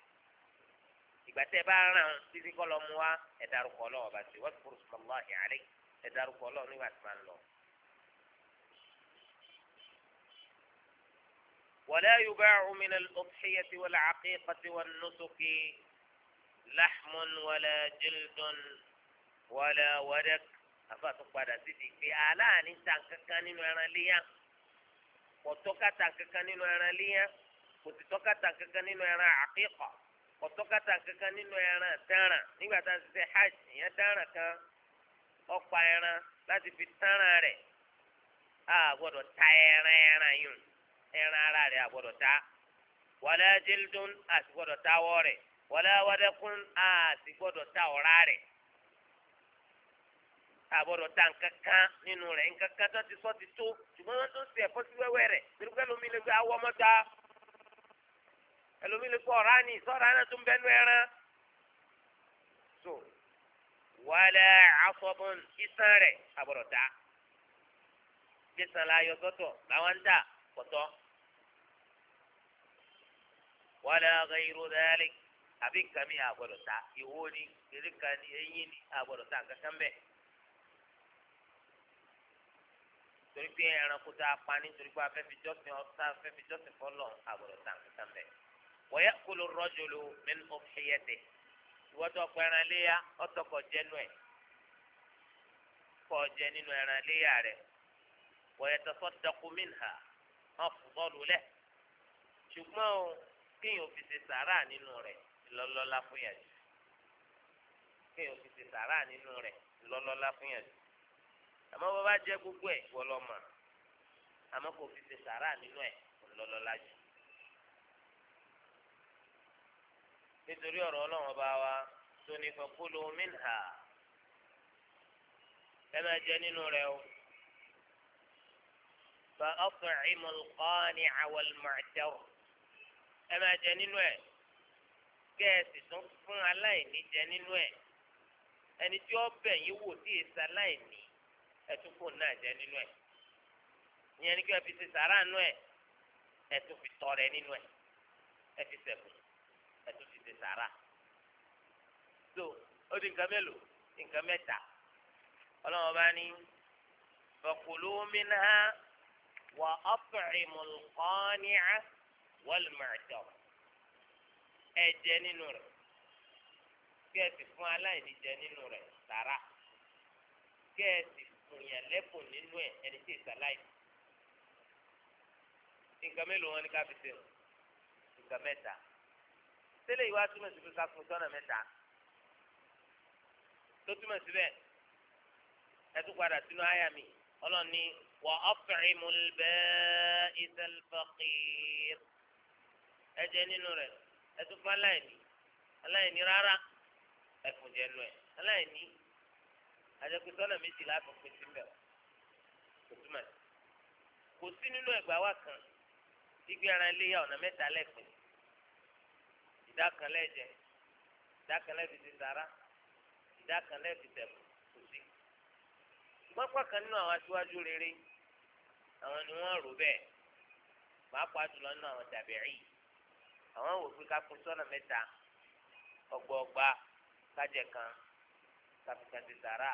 ìgbà tẹ́ bá ràn án títí kọ́ wa ẹ̀dá rúkọ lọ́wọ́ bá ti ti kúrò sọ́mọ́ ẹ̀dá rúkọ lọ́wọ́ nígbà tí wọ́n lọ. ولا يباع من الأضحية والعقيقة والنسك لحم ولا جلد ولا ورق أفاتك بعد سيدي في آلان إنسان كانين ورانليا وتوكا تانك كانين ورانليا وتوكا تانك كانين وران عقيقة وتوكا تانك كانين وران تانا نيبا تانسي حاج يا تانا كان أوكا يانا لازم في تانا ري آه ودو تايرا يانا يون ẹran ara rẹ̀ àgbọ̀dọ̀ ta wala jildun àti gbọ́dọ̀ ta awọ rẹ̀ wala wadakun àti gbọ́dọ̀ ta ọ̀rá rẹ̀ àgbọ̀dọ̀ ta nkankan nínú rẹ̀ nkankan tó ti sọ ti tó ṣùgbọ́n wọ́n tó ń ṣe ẹ̀fọ́ sí wẹ́wẹ́ rẹ̀ torí pé ẹlòmíì lè gbé awọ ọmọ ta ẹlòmíì lè gbé ọ̀rá ni sọ̀rọ̀ náà tó ń bẹ́nu ẹran so wala asabun isan rẹ̀ àgbọ̀dọ̀ ta gbèsè la yọ sọ́tọ̀ làwọn ń ta pọ̀tọ́ wala ghayru dhalik àbí nǹkan mi àgbọ̀dọ̀ ta ìwo ni kìrìkà ni eyín ni àgbọ̀dọ̀ ta kankan bẹ́ẹ̀. torí pé ẹranko tá a pa nítorí pé afẹ́ fi jọ́sìn ọ̀tá afẹ́ fi jọ́sìn fọlọ́ àgbọ̀dọ̀ ta kankan bẹ́ẹ̀. wa ya'kulu rajulu min udhiyatihi ìwọ́tọ̀ ọ̀pọ̀ ẹran léyà ọ̀tọ̀kọ̀ jẹ́nu ẹ̀ kọ́ jẹ nínú ẹran léyà rẹ̀ wa yatasaddaqu minha afdalu kéèyàn fi ṣe sàárà nínú rẹ̀ lọ́lọ́lá fún yàn jù kéèyàn fi ṣe sàárà nínú rẹ̀ lọ́lọ́lá fún yàn jù àmọ́ bó bá jẹ́ gbogbo ẹ̀ wọ́n lọ mọ̀ àmọ́ kò fi ṣe sàárà nínú ẹ̀ lọ́lọ́lá jù. nítorí ọ̀rọ̀ ọlọ́run ọba wa tó ní fakulu minha ẹ máa jẹ nínú rẹ̀ o. fa at'imul qani'a ẹ máa jẹ nínú ẹ̀ kẹ́ ẹ sì tún fún aláìní jẹ nínú ẹ̀ ẹni tí ó bẹ̀ yín wò tí èsì aláìní ẹ náà jẹ nínú ẹ̀ ìyẹn ni kí ẹ fi ṣe sàrà nínú ẹ tún fi tọrẹ nínú ẹ̀ ẹ fi sẹ̀kùn ẹ fi ṣe sàrà so ó di nǹkan mélòó nǹkan mẹ́ta ọlọ́wọ́n bá ní fakulu wà ọ́pẹ̀rìmù kọ́ni á wọ́ọ̀lù máa jọ ẹ jẹ nínú rẹ̀ kí ẹ sì fún aláìní jẹ nínú rẹ̀ sàrà kí ẹ sì fòyàn lẹ́bùn nínú ẹ̀ ẹni tí ìsà láìní. nǹkan mélòó wọn ni ká fi nǹkan mẹ́ta tẹ́lẹ̀ ìwà túmọ̀ sí ká fún sọ́nà mẹ́ta tó túmọ̀ síbẹ̀ ẹ padà sínú àyà mi ọlọ́ni wà ọ́fẹ̀rìmù bẹ́ẹ̀ ìsẹ̀lfàkìrì ẹ jẹ nínú rẹ̀ ẹ tún fún aláìní aláìní rárá ẹ fún jẹ nù ẹ aláìní àjẹpẹ́ sọ́nà méjì láti pín sí mẹ́wàá kò túmọ̀ sí kò sí nínú ẹgbàá wa kan gbígbé ara iléyà ọ̀nà mẹ́ta lẹ́pẹ́ ìdá kan lẹ́jẹ̀ ìdá kan lẹ́bi ti sara ìdá kan lẹ́bi tẹ̀kù kò sí. pápá kan nínú àwọn aṣíwájú rere àwọn ni wọ́n rò bẹ́ẹ̀ pàápàá jùlọ nínú àwọn tàbí'í yìí àwọn wò pé ká kó sọ́nà mẹ́ta ọgbọọgba kájẹ kan káfíkà ti sàrà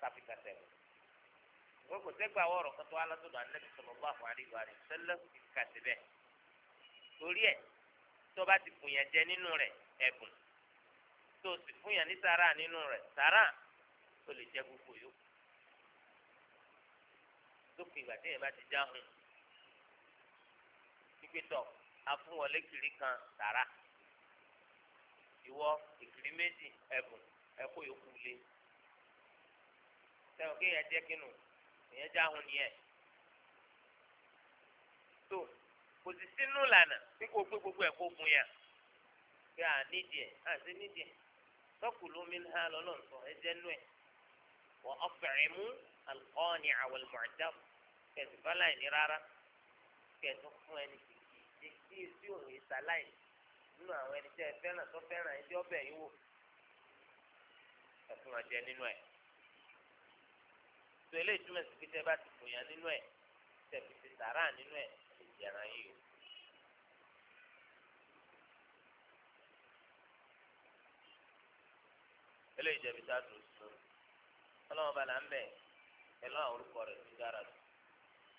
káfíkà tẹ̀wọ̀. wọ́n kò sẹ́gbà wọ̀rọ̀ kan tó wá látọ̀dọ̀ anábì sallallahu alaihi wa sallam kíkà síbẹ̀. torí ẹ̀ tó bá ti fún yàn jẹ nínú rẹ̀ ẹ̀bùn tó sì fún yàn ní sàrà nínú rẹ̀ sàrà tó lè jẹ gbogbo yòókù. lópin ìgbà tí yẹn bá ti já hun kíkẹ́ tọ̀ afúnwọlé kiri kan tààrà ìwọ ìkiri méjì ẹ̀bùn ẹ̀kọ́ yòókù lé sẹ́wọ̀n kéèyàn jẹ́ kínú èèyàn já ahun nìyẹn tó kò sì sínú lànà bí kò gbé gbogbo ẹ̀kọ́ fún yà pé à nídìí ẹ̀ à sí nídìí ẹ̀ tọ́kùlù mi ń há lọ́nà ẹ jẹ́ nú ẹ̀ wọ́n ọ̀fẹ̀rẹ̀ mú alukọ́ni àwọn ìmọ̀ ẹ̀dá kẹsì fọláì ní rárá kẹsì fún ẹni tì kíyèsí òun ìsàláì nínú àwọn ẹni tẹ́ ẹ fẹ́ràn tó fẹ́ràn ẹni tí ó bẹ̀ yín wò ẹ̀fún wọn jẹ nínú ẹ̀ tó eléyìí túmọ̀ sí pé tẹ́ bá ti fòyàn nínú ẹ̀ tẹ́ fi ti sàrà nínú ẹ̀ ìjẹ̀ràn yìí o. eléyìí jẹ̀bi tá a dùn sùn ọlọ́wọ́n bá là ń bẹ̀ pẹ̀lú àwọn orúkọ rẹ̀ tó dára jù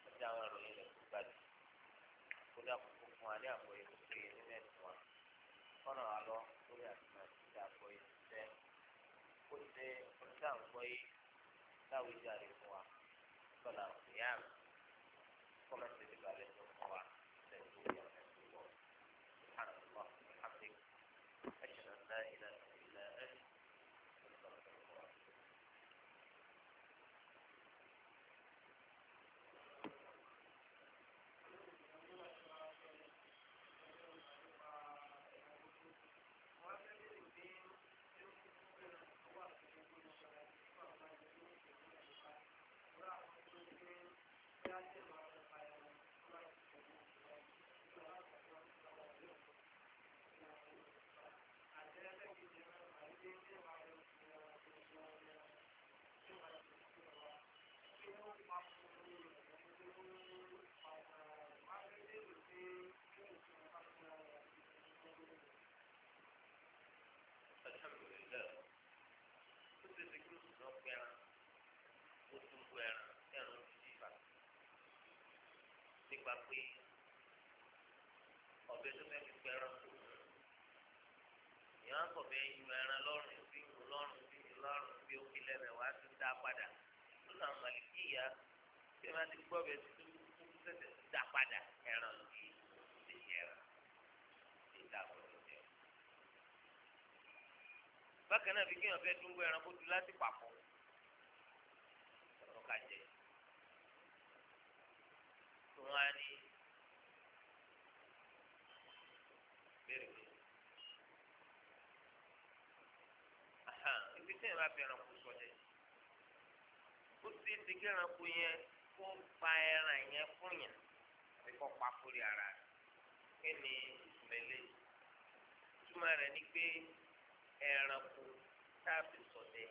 àti àwọn ìròyìn rẹ̀ tó gbàdúrà fún wa ní àgbọ́yé tó péye nínú ẹ̀sìn wa kọ́nà wa lọ lórí àtúnṣe àti àgbọ́yé tó tẹ́ ó ti ṣe oníṣàǹgbọ́yé láwùjọ àrè wa sọ̀là òkè yára. gbà pé ọbẹ̀ tó fẹ́ fi pẹran kò ìyá kọ̀ bẹ́ẹ̀ ju ẹran lọ́rùn sí ìlú lọ́rùn sí ìlú lọ́rùn bí ó fi lẹ́rẹ̀ wá sí dá padà tó nà màlìkì ìyá tí wọ́n ti gbọ́ bẹ́ẹ̀ tó tẹ̀sẹ̀ dá padà ẹran lòdì sí ẹran sí ìdáàbòbò jẹ. bákan náà fi kéèyàn fẹ́ dúró ẹran kó dúró láti pàpọ̀. òun á ní bẹ́ẹ̀ ni ibi tí ìrìn àfi ẹranko sọdẹ ó sì ti kí ẹranko yẹn kó pa ẹran yẹn fún yẹn àti kó pa fúri ara rẹ̀ kí ni ìsúmẹ́lẹ̀ túmọ̀ rẹ̀ ni pé ẹranko tá a fi sọdẹ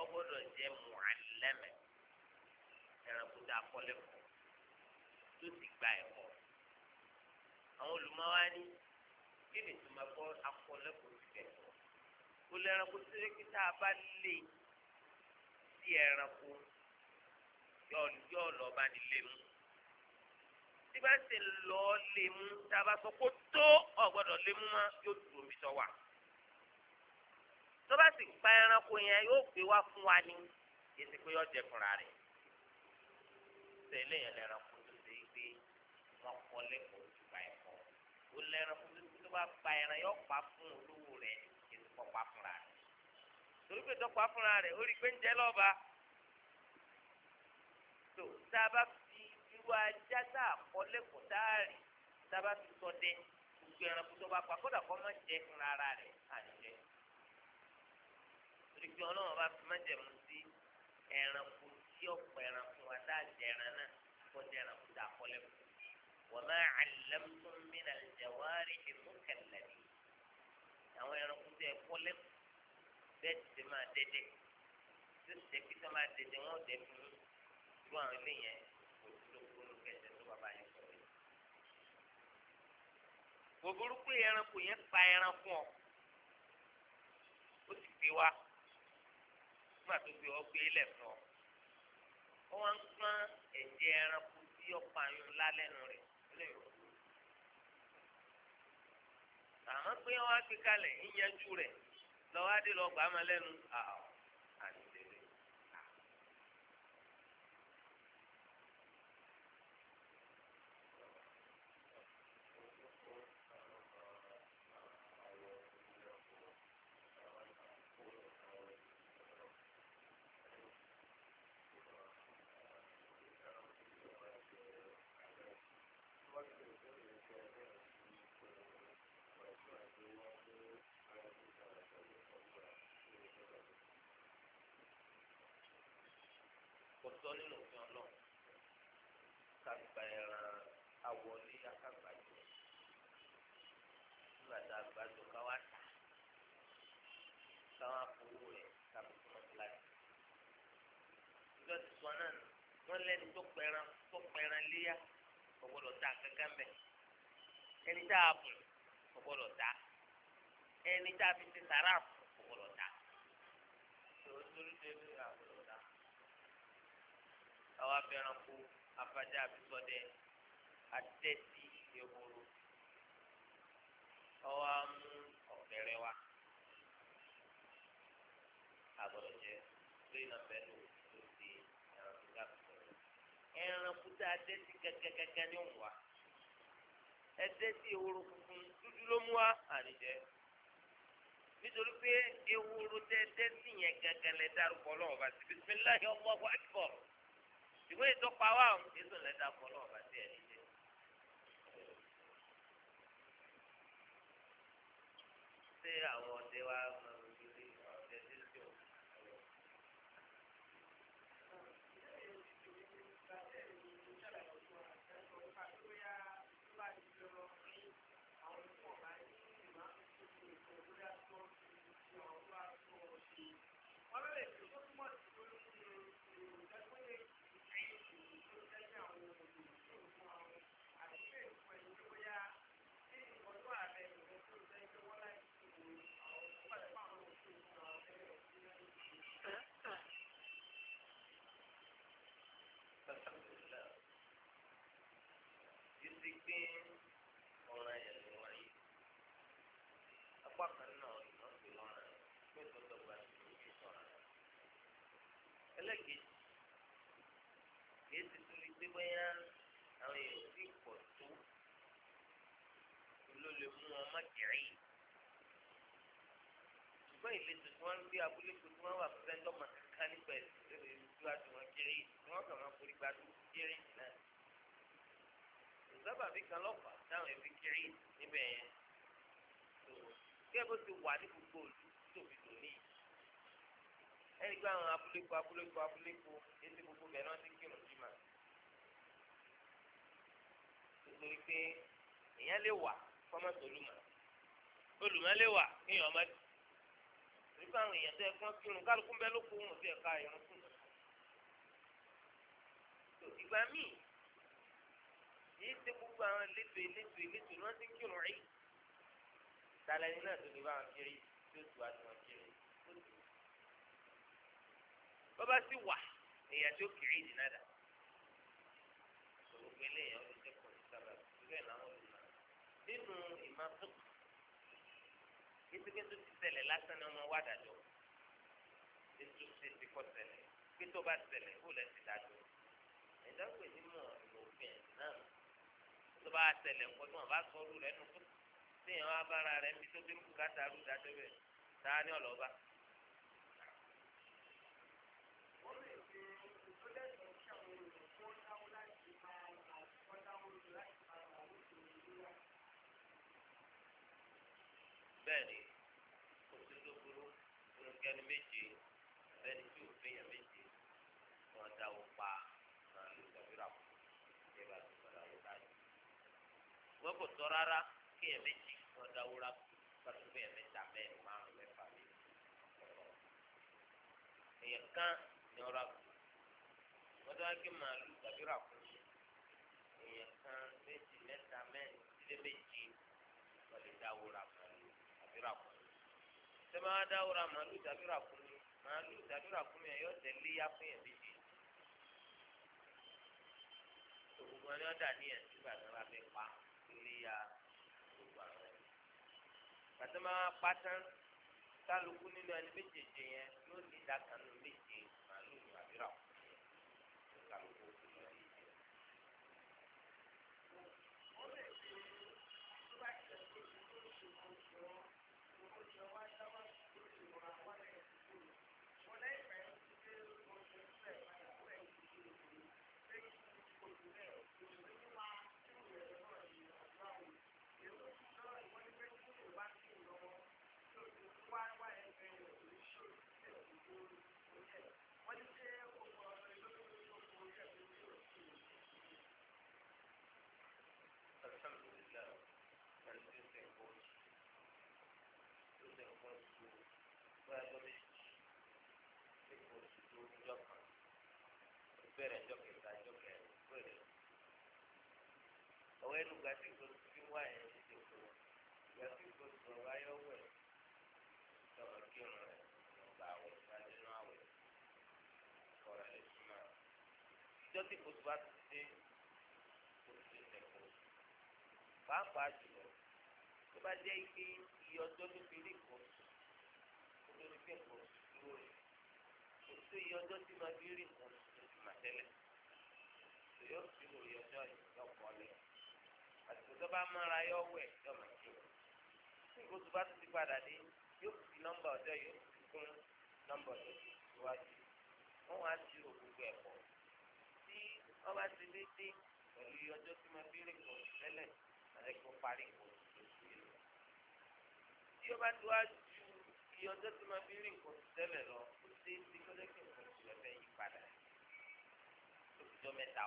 ọ gbọ́dọ̀ jẹ́ mùálẹ́mẹ̀ ẹranko tá a kọ́ lẹ́kọ̀ọ́ tó sì gba ẹ̀kọ́ àwọn olùmọ̀wá ní kí ni tó máa gbọ́ akọ́lẹ́kọ̀ọ́ ti kẹ̀kọ́ kó lẹ́ranko tó lé kíta bá lè sí ẹranko yóò lọ bá ní lé mu tí bá ṣe lọ lé mu tá a bá sọ kó tó ọ̀gbọ́dọ̀ lé mu mọ́ yóò dúró mi sọ wà tó bá sì pa ẹranko yẹn yóò gbé wá fún wa ní èsì pé yóò jẹ fúnra rẹ̀ tẹ̀lé yẹn lẹ́ranko wọn kọ lẹ́kọ̀ọ́ ìgbà ẹ̀kọ́ ó lẹ́ran fún tó bá pa ẹran yọ pa fún olówó rẹ ètò pọpá fúnra rẹ torí pé tó pa fúnra rẹ ó rí i pé ń jẹ lọ́ba tó tá a bá fi irú ajá tá a kọ lẹ́kọ̀ọ́ tá a rì tá a bá fi sọ dé gbogbo ẹran tó bá pa kódà kọ́ máa jẹ fúnra ara rẹ àní jẹ torí pé ọlọ́run bá fi má jẹ̀mú sí ẹranko tí ọ̀pọ̀ ẹranko àtàjẹran náà kọjá ẹranko tá a kọ lẹ́kọ̀ọ́. وما علمتم من الجوارح مكلفين àwọn ẹranko tẹ kọ lẹkọọ bẹ́ẹ̀ ti tẹ máa dẹdẹ tó ti tẹ pété máa dẹdẹ wọn dẹ fún irú àwọn ilé yẹn kò sí lóko ló kẹsẹ tó bàbá yẹn sọ yìí. gbogbo pé ẹranko yẹn pa ẹran ọ ó sì gbé wa nígbà tó gbé ọ gbé lẹ̀ ọ wá ń pọ́n ẹ̀jẹ̀ ẹranko tí ọ̀pọ̀ àyùn lálẹ́nu rẹ̀. àmọ́ pé wọ́n á fi kalẹ̀ ìyẹn ju rẹ̀ lọ́wọ́ adé lọ́ọ́ gbàmọ́ lẹ́nu àwọn. bẹ́ẹ̀ ti sọ náà wọ́n lẹ́ni tó pẹran tó pẹran léyà kò gbọ́dọ̀ ta kankan bẹ̀ ẹni tá a bùn kò gbọ́dọ̀ ta ẹni tá a fi ti sàrà kò gbọ́dọ̀ ta. àwa fẹ́ràn kó afájá àbísọ́dẹ àtẹ́tí ehoro ọwọ́ amú ọ̀fẹ́rẹ́ wa. tá a dé sí gẹ́gẹ́gẹ́gẹ́ ní òun wa ẹ dé sí ehoro funfun dúdú ló mú wa àníjẹ nítorí pé ehoro tẹ dé sí yẹn gẹ́gẹ́ lẹ dárúkọ lọ́wọ́ bá ti bisimilahi Allahu akbar ìwé ìtọ́pá wa èso lẹ dárúkọ lọ́wọ́ bá ti àníjẹ. ṣé àwọn ọdẹ wa pé ọ̀ràn yẹn ni wọ́n yí. apá kan náà ìtàn sí lọ́ràn pé tọ́tọ́ gba ìṣòro sọ̀rọ̀. ẹlẹ́kejì kìí ti tún lè gbé bóyá àwọn èèyàn sì pọ̀ tó ló lè mú wọn má kẹ̀rì. ṣùgbọ́n ìletò tí wọ́n gbé abúlé kò tí wà fún ẹjọ́ màkàkà nípa ẹ̀sìn tó lè ju àjùmọ̀ kẹ̀rì wọ́n kàn máa forí gbadú kẹ̀rì náà sábàbí kan lọ́fà táwọn èèyàn fi kiri níbẹ̀ yẹn tó kí ẹ bó ti wà ní gbogbo òlu tó fi dùn ní ẹni pé àwọn abúléko abúléko abúléko ètò gbogbo bẹ̀rẹ̀ wọn ti kírun jù mà nítorí pé èèyàn lè wà fọmọtò olùmọ̀ olùmọ̀ lè wà kéèyàn ọmọdé torí pé àwọn èèyàn tẹ fún kírun kálukú bẹ́ẹ̀ ló kó wọn sí ẹ̀ka ìrún fún un ìgbà míì kì í ṣe gbogbo àwọn elétò elétò elétò ni wọ́n ti ń kírun rí tala ẹni náà tó ní báwọn kiri tó tù á tó wọn kiri bọ́bá sì wà èèyàn tó kiri ìdì náà dà gbogbo eléyàn ló jẹ́ kọ́ sábà bẹ́ẹ̀ làwọn olùmọ̀ nínú ìmọ̀tò kétékété ti ṣẹlẹ̀ lásán ni ọmọ wa dàjọ́ ètò ṣe ti kọ́ ṣẹlẹ̀ pété ọba ṣẹlẹ̀ kó lẹ́sìn tó bá ṣẹlẹ̀ ńkọ́ tí wọ́n bá sọ ọ́rù rẹ̀ nù fún téèyàn wá bára rẹ̀ ń bí tó dérú kàtà rú dájọ́ bẹ̀ táà ní ọ̀lọ́ba. bẹ́ẹ̀ni ṣùgbọ́n kò tọ́ rárá kí ẹ̀ méjì ọ̀dà wúra pàtó bí ẹ̀ mẹ́ta mẹ́rin márùn mẹ́fà mi. èèyàn kan ni ọ̀rọ̀ àbùkù wọ́n dáwọ́ kí màálù tàbí rà fún mi. èèyàn kan méjì mẹ́ta mẹ́rin sílé méjì wọ́n lè dá wúra màálù tàbí rà fún mi. ṣé màálù tàbí rà màálù tàbí rà fún tẹ̀lé yá fún yẹn méjì. ògùn wọn ni wọ́n dà ní ẹ̀ nígbà tí wọ́n bá fẹ́ pa sóríyà gbogbo àwọn ẹni. pàtó máa pátán kálukú nínú ẹni méjèèjì yẹn ló ní ìdákanu méje bẹ̀rẹ̀ ẹjọ́ kẹta ẹjọ́ kẹrin bẹ̀rẹ̀ ọwọ́ ẹnu gàtí tó ti wá ẹ̀ ní ìdòkó gàtí tó ti ọ̀rọ̀ ayọ́wẹ̀ lọ́wọ́ kí ọ̀rọ̀ rẹ̀ lọ́gbà àwẹ̀ ìdánilọ́ àwẹ̀ ọ̀rọ̀ rẹ̀ sí máa. ìjọ tí kò tó bá ti dé kò tó ti kó. pàápàá jùlọ tó bá jẹ́ ike iye ọjọ́ tó fi rí kò tó tó ti tẹ̀ dúró rẹ̀ kò tó iye ọjọ́ tí máa fi rí kò tẹ́lẹ̀ yóò ti wò yọjọ́ ìyọkọ̀ lẹ̀ àtìkò tó bá mọ́ra yọ wẹ̀ yọ mà kí ní ìkó tó bá tún ti padà dé yóò fi nọ́mbà ọjọ́ yóò fi kún nọ́mbà ọjọ́ síwájú wọ́n wá ti rò gbogbo ẹ̀ pọ̀ tí wọ́n bá ti dé dé pẹ̀lú ọjọ́ tí mo fi rìn pọ̀ tẹ́lẹ̀ àtẹ̀kọ́ parí pọ̀ tí ó bá tó wá ju iye ọjọ́ tí mo fi rìn pọ̀ tẹ́lẹ̀ lọ ó ṣe é ṣe kọ́jọ́ kí n kò tilẹ̀ fẹ́ yí padà ọjọ́ mẹ́ta